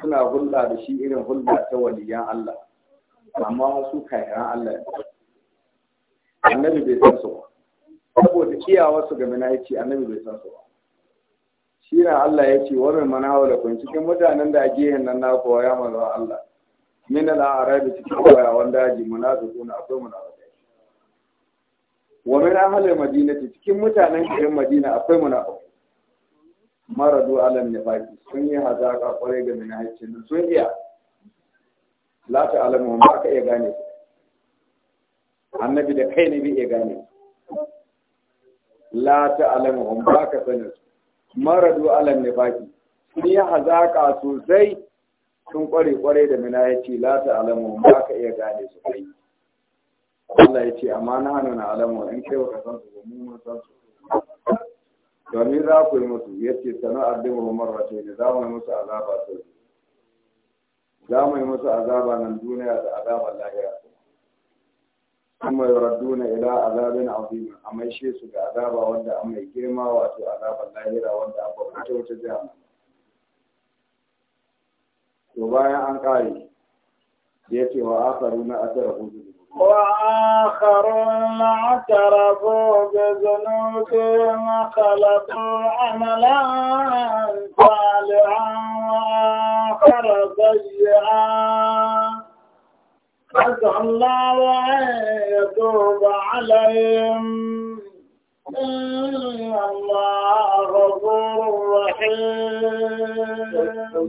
suna hulɗa da shi irin hulɗa ta waliyan Allah amma wasu kayan Allah annabi bai san su ba saboda iyawa su game na yace annabi bai san su ba shi na Allah ya ce wannan manawala kun cikin mutanen da a gehen nan na kowa ya manzo Allah min al-arabi cikin bayawan daji munafiqun akwai munafiqai wa min ahli madinati cikin mutanen garin madina akwai munafiqai maradu ala nifaqi sun yi hazaka kwarai ga minahicin sun iya la ta alamu ma iya gane su annabi da kai ne gane la ta alamu ka sanin su maradu ala nifaqi sun yi hazaka sosai sun kware kware da mina ya ce la ta alamu ba ka iya gane su kai Allah ya ce amma na hannu na alamu in kai wa san su mu mun san su domin za ku yi musu ya ce sana'ar ardin umar rasu ne za mu yi musu azaba sau za mu yi musu azaba nan duniya da azaba lahira amma mai raddu na ila azabin azim amma shi su ga azaba wanda an mai girma wato azaba lahira wanda a bauta wuce jihar to عن قائل يأتي ya ce wa akaru na asara hudu وآخرون اعترفوا بذنوبهم خلقوا عملا صالحا وآخر سيئا عسى الله أن يتوب عليهم إن الله غفور رحيم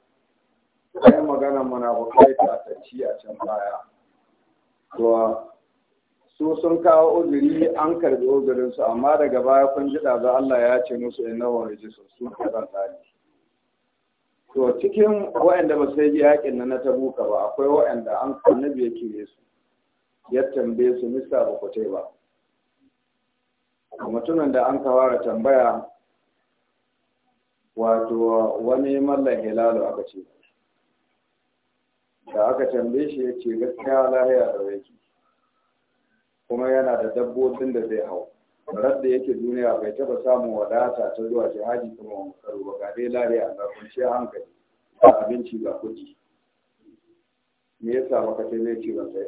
sai magana munafukai ta tacci a can baya to su sun kawo uzuri an karbi uzurin amma daga baya kun ji da Allah ya ce musu innahu rijisun su kaza tsari to cikin waɗanda ba sai yakin na na tabuka ba akwai waɗanda an annabi yake yi su ya tambaye su misa ba ku ba mutumin da an kawara tambaya wato wani mallan hilalu aka ce da aka tambaye shi ya ce gaskiya lahiya da yake kuma yana da dabbobin da zai hau da yake duniya bai taba samun wadata ta zuwa jihadi kuma wani karo ba gaɗe dai a ga shi hankali ba abinci ba kuɗi me yasa baka ce zai ce ban sai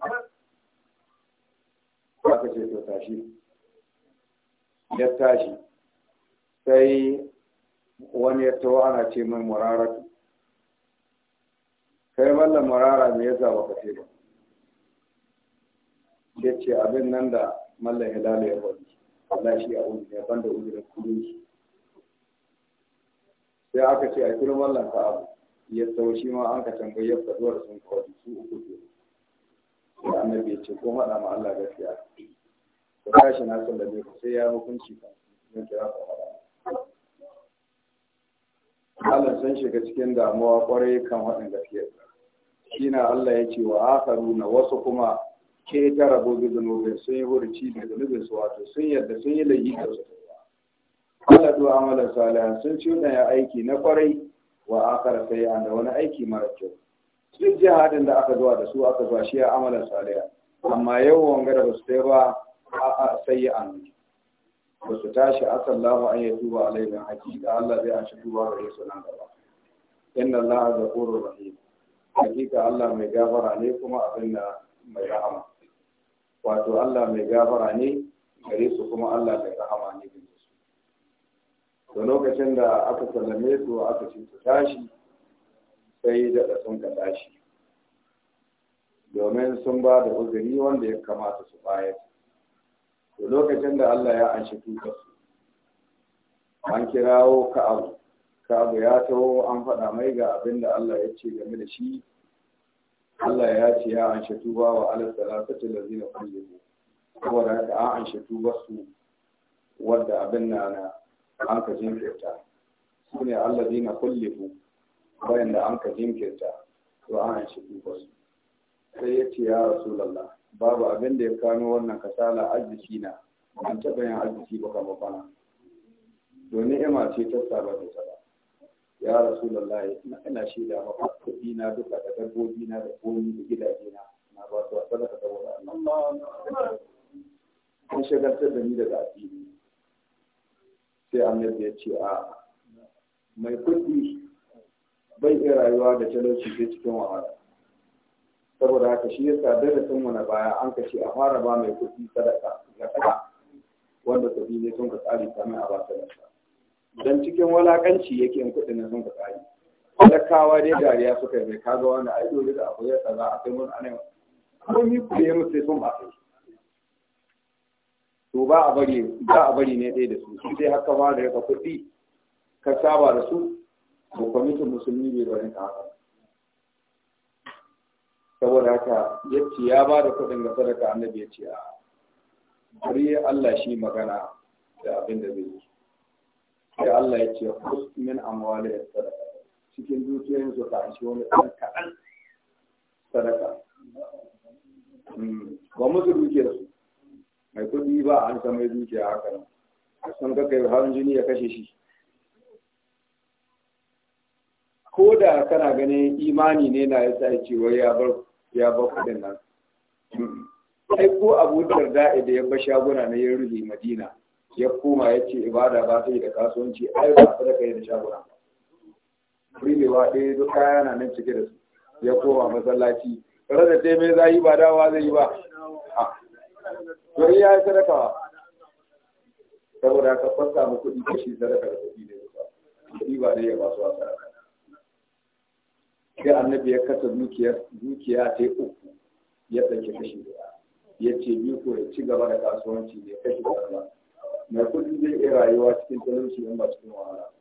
ɗaya aka ce to tashi ya tashi sai wani ya tawo ana ce mai muraratu kai mallam marara me yasa baka ce ba ya ce abin nan da mallan hilalu ya faɗi Allah shi a wuri ya banda uzurin kudin shi sai aka ce a kira mallan ka abu ya tsawo shi ma an ka tambayi ya da sun kawai su uku ke ya annabi ya ce ko maɗa ma Allah siya. ka tashi na san da ne sai ya hukunci ka don kira ka faɗa Allah sun shiga cikin damuwa kwarai kan waɗanda gaskiya shine Allah ya ce wa na wasu kuma ke ta gobe da nobe sun yi hurci da zunubin su wato sun yadda sun yi layi da su Allah du amala salihan sun ci aiki na kwarai wa akhar sai an da wani aiki mara kyau duk jihadin da aka zuwa da su aka zuwa shi a amala salihan amma yau wanga da su sai ba a sai an ba su tashi asallahu an yatuba alaihi hakika Allah zai a shi tuba da su nan gaba inna Allah ghafurur rahim hakika Allah mai gafara ne kuma abin da mai rahama wato Allah mai gafara ne gare su kuma Allah mai rahama ne gare su to lokacin da aka sallame su aka ce su tashi sai da sun ka tashi domin sun ba da uzuri wanda ya kamata su bayar to lokacin da Allah ya anshi kuka su an kirawo ka abu kabu ya taho an faɗa mai ga abin da Allah ya ce game da shi Allah ya ce ya shatu ba wa ala salatati lazina kullu saboda haka an anshe ba su wadda abin na na an ka jinkirta su ne allazina kullu da an ka jinkirta to an anshe ba su sai ya ce ya rasulullah babu abin da ya kano wannan kasala arziki na an taɓa yin arziki ba kama bana domin ima ce ta saba da saba ya rasulullahi ina ina shaida maka kuɗi na duka da dabbobi na da komi da gidaje na na ba su sadaka saboda Allah an shagaltar da ni daga addini sai annabi ya ce a mai kuɗi bai iya rayuwa da talauci sai cikin wahala saboda haka shi yasa darasin wani baya an ka ce a fara ba mai kuɗi sadaka ga wanda sabi ne sun ka tsari kamar a ba sadaka dan cikin walakanci yake in kuɗin nan sun ka tsari talakawa dai dariya suka yi mai kaga wani ai dole da abu ya tsara a kai mun ana komi ku yi musu sun ba sai to ba a bari ba a bari ne ɗaya da su su dai haka ba da rika kuɗi ka saba da su to kwamitin musulmi bai bari ka haka saboda haka yace ya ba da kuɗin ga sadaka annabi ya ce a bari Allah shi magana da abin da zai yi sai Allah ya ce khus min amwali sadaqa cikin dukiyoyin su ta shi wani dan kadan sadaka hmm. ba musu dukiyar su mai kudi ba an san mai dukiya haka nan san ga kai har jini ya kashe shi ko da kana ganin imani ne na yasa ya ce wai ya bar ya bar kudin nan hmm. ai ko abu darda da ya bar shaguna na yin rufe madina ya koma ya ce ibada ba ta yi da kasuwanci ai ba su da kai da shaguna rigewa ɗaya duk kaya na nan cike da su ya koma masallaci tare da mai za yi ba dawa zai yi ba to ya yi sadaka ba saboda ka fasa mu kuɗi shi sadaka da kuɗi da yawa kuɗi ba dai ya ba su a sadaka sai annabi ya kasa dukiya ta yi uku ya ɗauki kashi guda ya ce biyu ko ya ci gaba da kasuwanci da ya kashe kuma. mai kudin zai iya rayuwa cikin talauci in ba cikin wahala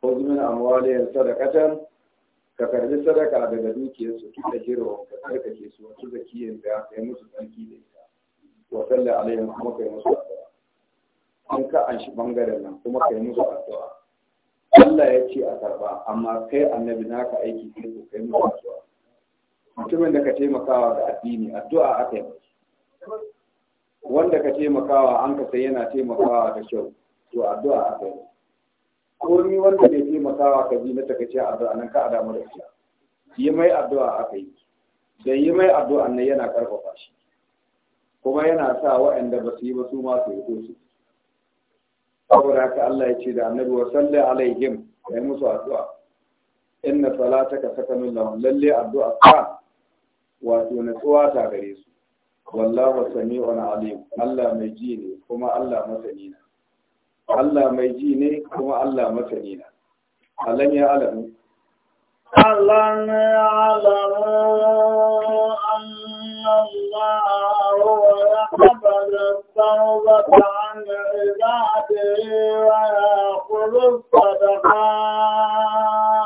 ko zumin amwaliyar sadakatar ka karbi sadaka daga dukiyarsu tun da jiro ka tsarkake su wasu zakiyar da ya musu tsarki da ita wa salli alaihim kuma kai musu addu'a an ka an shi bangaren nan kuma kai musu addu'a Allah ya ce a karba amma kai annabi naka aiki kai ko kai musu addu'a mutumin da ka taimakawa da addini addu'a aka yi wanda ka taimakawa an ka sai yana taimakawa ka kyau to addu'a a kai ko ni wanda bai taimakawa ka ji na kace addu'a nan ka adamu da shi yi mai addu'a a kai da yi mai addu'a nan yana karfafa shi kuma yana sa waɗanda ba su yi ba su ma su yi su saboda haka Allah ya ce da annabi wa salli alaihim kai musu addu'a inna salataka sakanun lahum lalle addu'a ka wato natsuwa ta gare su wallahu sami'un alim Allah mai ji ne kuma Allah masani na Allah mai ji ne kuma Allah masani na Allah ya alamu Allah ya alamu الله ويقبل التوبة عن عباده ويأخذ الصدقات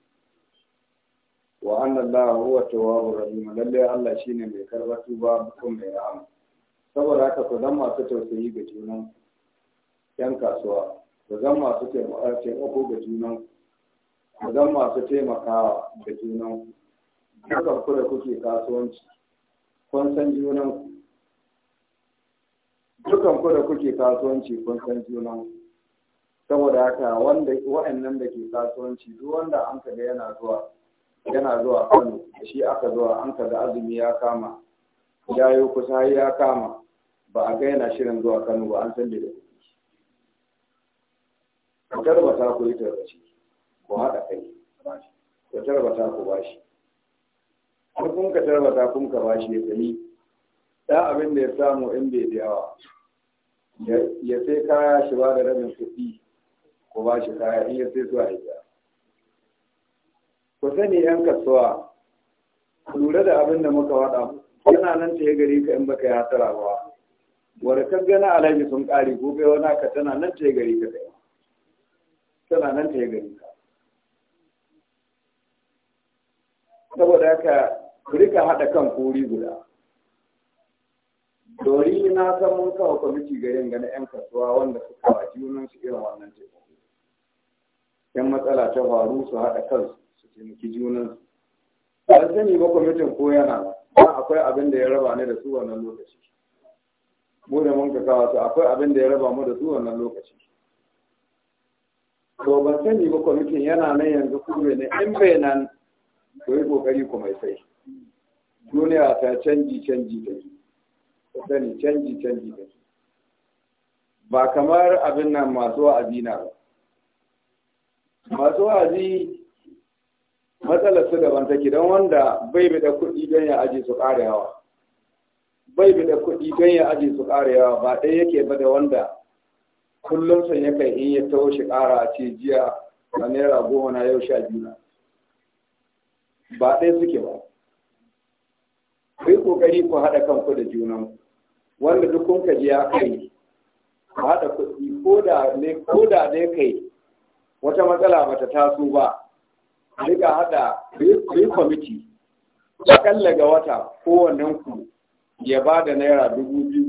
wa anna Allah huwa tawwabur rahim lalle Allah shine mai karbar tuba kuma mai rahama saboda haka ku zama masu tausayi ga junan yan kasuwa ku zama masu taimako ga junan ku zama masu taimakawa ga junan dukan ku da kuke kasuwanci kun san junan dukan ku da kuke kasuwanci kun san junan saboda haka wanda wa'annan da ke kasuwanci duk wanda an kaga yana zuwa yana zuwa kano shi aka zuwa an ka da azumi ya kama ya yi kusa ya kama ba a ga yana shirin zuwa kano ba an san da kuɗi ku tarbata ku yi tarbaci ku haɗa kai ku tarbata ku bashi Ku kun ka tarbata kun ka bashi ya sani da abin da ya samu in bai da yawa ya sai kaya shi ba da rabin kuɗi ku bashi kaya in ya sai zuwa ya ku sani yan kasuwa lura da abin da muka wada yana nan ta gari ka in baka yi hasara ba wanda ka gana alaji sun kare gobe wani ka tana nan ta gari ka tsaye tana nan ta gari ka saboda ka ku rika haɗa kan kuri guda dori na san mun kawo kwamiti garin gani yan kasuwa wanda suka wa junan su irin wannan teku yan matsala ta faru su haɗa kansu taimaki juna ba sani ba kwamitin ko yana ba akwai abin da ya raba ne da su wannan lokaci mu da mun kawo su akwai abin da ya raba mu da su wannan lokaci to ban sani ba kwamitin yana nan yanzu kuma ne in bai nan ko yi kokari kuma sai duniya ta canji canji ta ku sani canji canji ta ba kamar abin nan masu wa'azi na ba masu wa'azi matsalar su daban take don wanda bai bi da kuɗi don ya aji su ƙare yawa bai bi da kuɗi don ya aji su ƙare yawa ba ɗaya yake ba da wanda kullum sun yaka in ya taho shi ƙara a ce jiya na naira goma na yau sha biyu na ba ɗaya suke ba kai ƙoƙari ku haɗa kanku da junan wanda duk kun ka je ya kai ku haɗa kuɗi ko da ne kai wata matsala bata taso ba riga hada kuyi kwamiti akalla ga wata kowannen ku ya ba da naira dubu biyu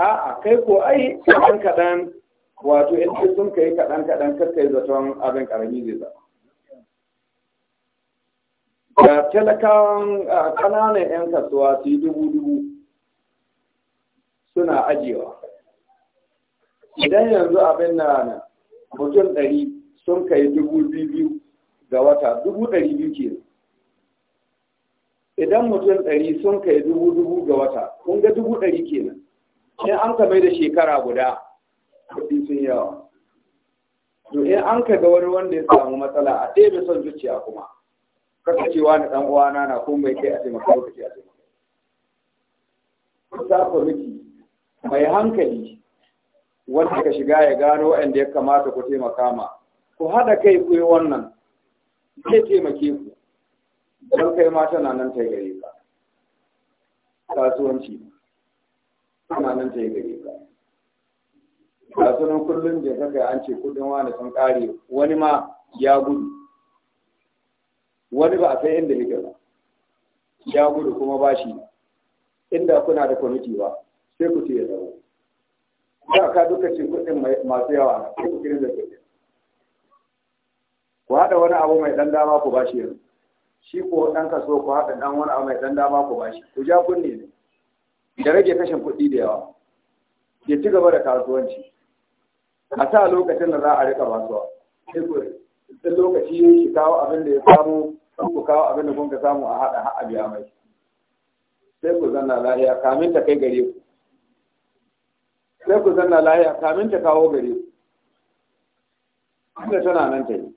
a'a kai ko ai kaɗan kaɗan wato in sun kai kaɗan kaɗan kakai zaton abin ƙarami zai za da talakawan ƙananan 'yan kasuwa su yi dubu-dubu suna ajiyewa idan yanzu abin na mutum ɗari sun kai dubu biyu ga wata dubu ɗari biyu ke idan mutum ɗari sun kai dubu dubu ga wata kun ga dubu ɗari kenan in an ka mai da shekara guda kuɗi sun yawa to in an ka ga wani wanda ya samu matsala a ɗaya bai son zuciya kuma kaka cewa na ɗan uwana na kuma mai kai a taimaka lokaci a taimaka kusa mai hankali wanda ka shiga ya gano waɗanda ya kamata ku taimaka ma ku haɗa kai ku yi wannan zai taimake ku don kai ma tana nan ta yi gare ka kasuwanci tana nan ta gare ka kasuwan kullum da ta kai an ce kudin wani sun ƙare wani ma ya gudu wani ba a sai inda yake ba ya gudu kuma ba shi inda kuna da kwamiti ba sai ku ce ya zama da ka duka ce kudin masu yawa sai ku kirin da ke ku haɗa wani abu mai ɗan dama ku bashi yanzu shi ko ɗan kaso ku haɗa ɗan wani abu mai ɗan dama ku bashi ku ja kunne ne da rage kashin kuɗi da yawa ya ci gaba da kasuwanci a sa lokacin da za a rika basuwa sai lokaci ya shi kawo abin da ya samu ku kawo abin da kun ka samu a haɗa a biya mai sai ku zanna lahiya kamin ta kai gare ku sai ku zanna lahiya kamin ta kawo gare ku inda tana nan ta yi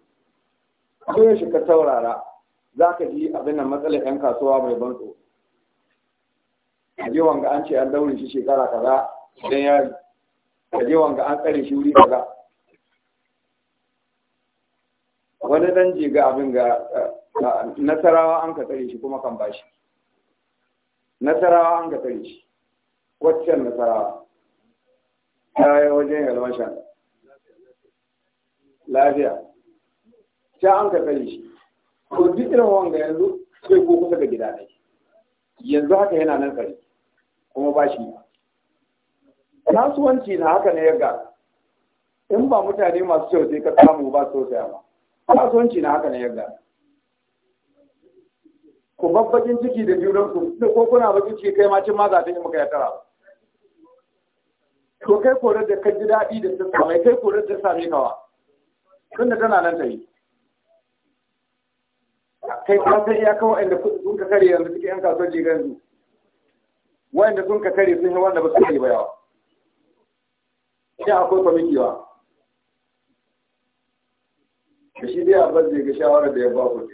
ko shi ka taurara za ka ji abin nan matsalar 'yan kasuwa mai banzo a wanga an ce an daure shi shekara kaza idan yari a je wanga an tsare shi wuri kaza wani dan je ga abin ga nasarawa an ka tsare shi kuma kan bashi nasarawa an ka tsare shi waccan nasarawa ta yi wajen yalmashan lafiya sai an ka shi ko duk irin wanga yanzu sai ko kusa ga gida ne yanzu haka yana nan tsari. kuma ba shi kasuwanci na haka ne ya ga in ba mutane masu kyau sai ka samu ba so saya ba kasuwanci na haka ne ya ga ku babbakin ciki da junanku ko kuna bakin ciki kai ma cin ma za ta yi maka ya tara to kai korar da ka ji daɗi da sassa mai kai korar da sami kawa tun da tana nan ta yi kai sai ya kawo waɗanda sun ka kare yanzu cikin 'yan kasuwar jiga yanzu waɗanda sun ka kare sun yi wanda ba su kare ba yawa shi akwai kwamiti ba da shi dai abin zai ga shawarar da ya ba ku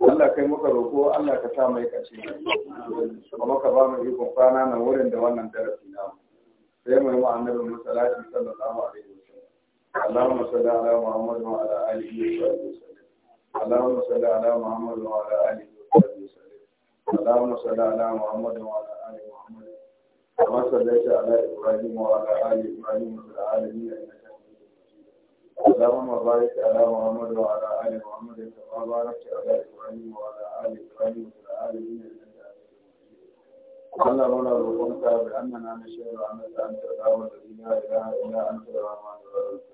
Allah kai muka roƙo Allah ka sa mai ƙarshe kuma muka ba mu ikon kwana nan wurin da wannan darasi na sai mu yi mu annabi musallati sallallahu alaihi wasallam اللهم صل على محمد وعلى اله وصحبه وسلم اللهم صل على محمد وعلى آله وصحبه وسلم اللهم صل على محمد وعلى آل محمد كما صليت على إبراهيم وعلى آل إبراهيم في العالمين إنك حميد مجيد اللهم بارك على محمد وعلى آل محمد كما باركت على إبراهيم وعلى آل إبراهيم في العالمين إنك اللهم ربنا بأننا نشهد أنك أنت الأول الذي لا إله إلا أنت الرحمن الرحيم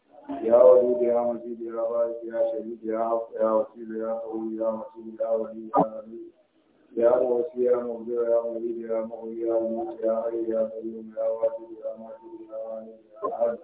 يا وليد يا مجيد يا بارك يا شهيد يا حق يا وكيل يا قوي يا متين يا ولي يا نبي يا موسي يا مبدع يا مجيد يا مغني يا موسى يا حي يا قيوم يا واجد يا ماجد يا غني يا عاد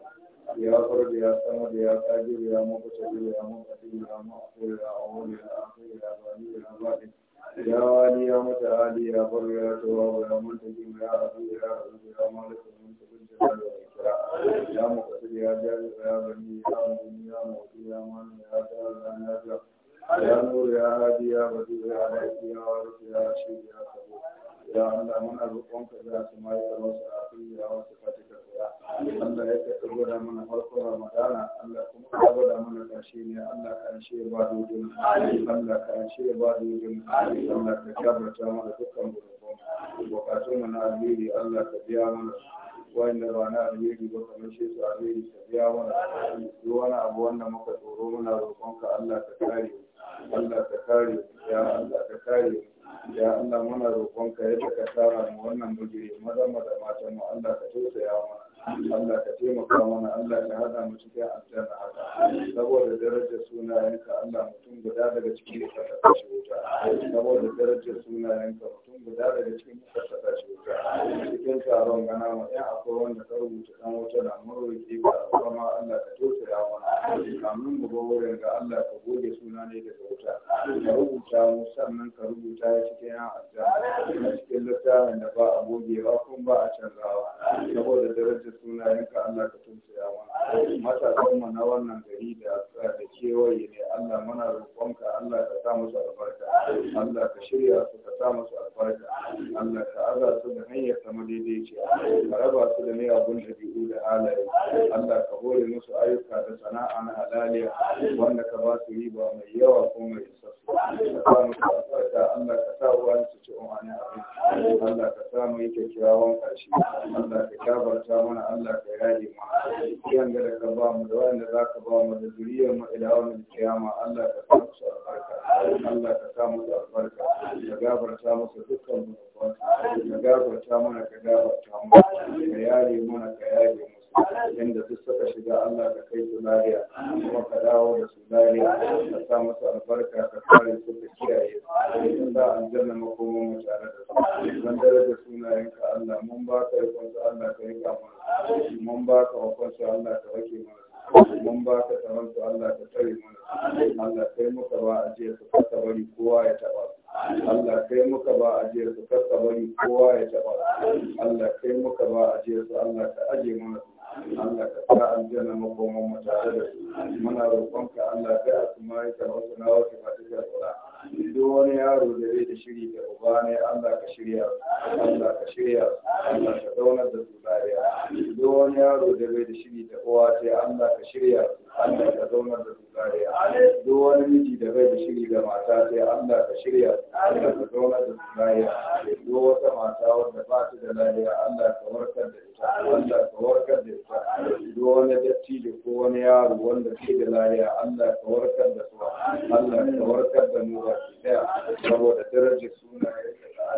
يا فرد يا صمد يا قادر يا مقتدر يا مقتدر يا مغفر يا اول يا اخير يا غني يا بارك يا والي يا متعالي يا بر يا تواب يا منتجم يا عزيز يا عزيز يا مالك الملك بالجلال والإكرام يا مقتدر يا جابر يا بني يا مدني يا موتي يا ماني يا دار يا نافع يا نور يا هادي يا بديع يا ملك يا وارث يا رشيد يا صبور ya Allah muna roƙonka da su mai da wasu afiya wasu fatika ya Allah ya ka tsoro mana farkon Ramadana Allah kuma ka tsoro mana karshe ne Allah karshe ba dudun Allah karshe ba dudun Allah ka kabarta mana dukkan gurbin bukatun mu na alheri Allah ka biya mana wa'anda ba na alheri ba kamar shi su alheri ka biya mana duk wani abu wanda muka tsoro muna roƙonka Allah ka kare Allah ka kare ya Allah ka kare ya Allah muna roƙonka ya ka tsara mu wannan mujiri maza da matan mu Allah ka tausaya mana Allah ka taimaka mana Allah ka hada mu cikin aljanna saboda darajar sunayenka Allah mutum guda daga cikin ka ta shi wuta saboda darajar sunayenka mutum guda daga cikin ka ta shi wuta cikin taron gana mu ɗan akwai wanda ka rubuta dan wuta da mun roƙi ka kuma Allah ka tausaya mana kamun mu ga wurin ga Allah ka goge suna ne daga wuta ka rubuta mu sannan ka rubuta cikin yan aljanna cikin littafin da ba a gogewa kuma ba a canzawa saboda darajar sunayenka Allah ka tunsaya mana matasan mu na wannan gari da da kewaye ne Allah muna roƙonka Allah ka sa musu albarka Allah ka shirya su ka sa musu albarka Allah ka aza su da hanyar ta madaidaiciya ka raba su da miyagun ɗabi'u da halaye Allah ka hore musu ayyuka da sana'a na halaliya wanda ka ba su riba mai yawa ko mai isassu ka sa musu albarka Allah ka sa uwa su ci umarni abinci Allah ka sa mu yi kyakkyawan ƙarshe Allah ka kyabarta mana mana Allah ta yaye mu kiyan da ka ba mu da wanda za ka ba mu da zuriyar mu ila wannan kiyama Allah ta sa musu albarka Allah ka sa musu albarka ka gafarta musu dukkan mu ka gafarta mana ka gafarta mu ya yaye mana ka yaye mu inda duk suka shiga Allah ka kai su Lariya. kuma ka dawo da su Lariya. ka sa musu albarka ka kare su ka kiyaye su da an makoman mu tare da su dan daraja sunayen ka Allah mun ba ka yi kwanza Allah ka yi mana mun ba ka ikon Allah ka wake mana mun ba ka tsaron su Allah ka tsare mana Allah kai muka ba a jiya su kasa bari kowa ya taba su Allah kai muka ba a jiya su kasa bari kowa ya taba Allah kai muka ba a jiya su Allah ka aje mana su Allah ka sa aljanna makoman mu tare da su muna roƙonka Allah ka asma ka wasu na wasu fatiha duk wani yaro da zai da shiri da uba ne Allah ka shirya Allah ka shirya Allah ka zaunar da su lafiya duk wani yaro da zai da shiri da uwa sai Allah ka shirya Allah ka zaunar da su lafiya duk wani miji da zai da shiri da mata sai Allah ka shirya Allah ka zaunar da su lafiya duk wata mata wanda ba ta da lafiya Allah ka warkar da ita Allah ka warkar da ita duk wani dattijo ko wani yaro wanda ke da lafiya Allah ka warkar da su Allah ka warkar da mu baki daya saboda darajar sunayen da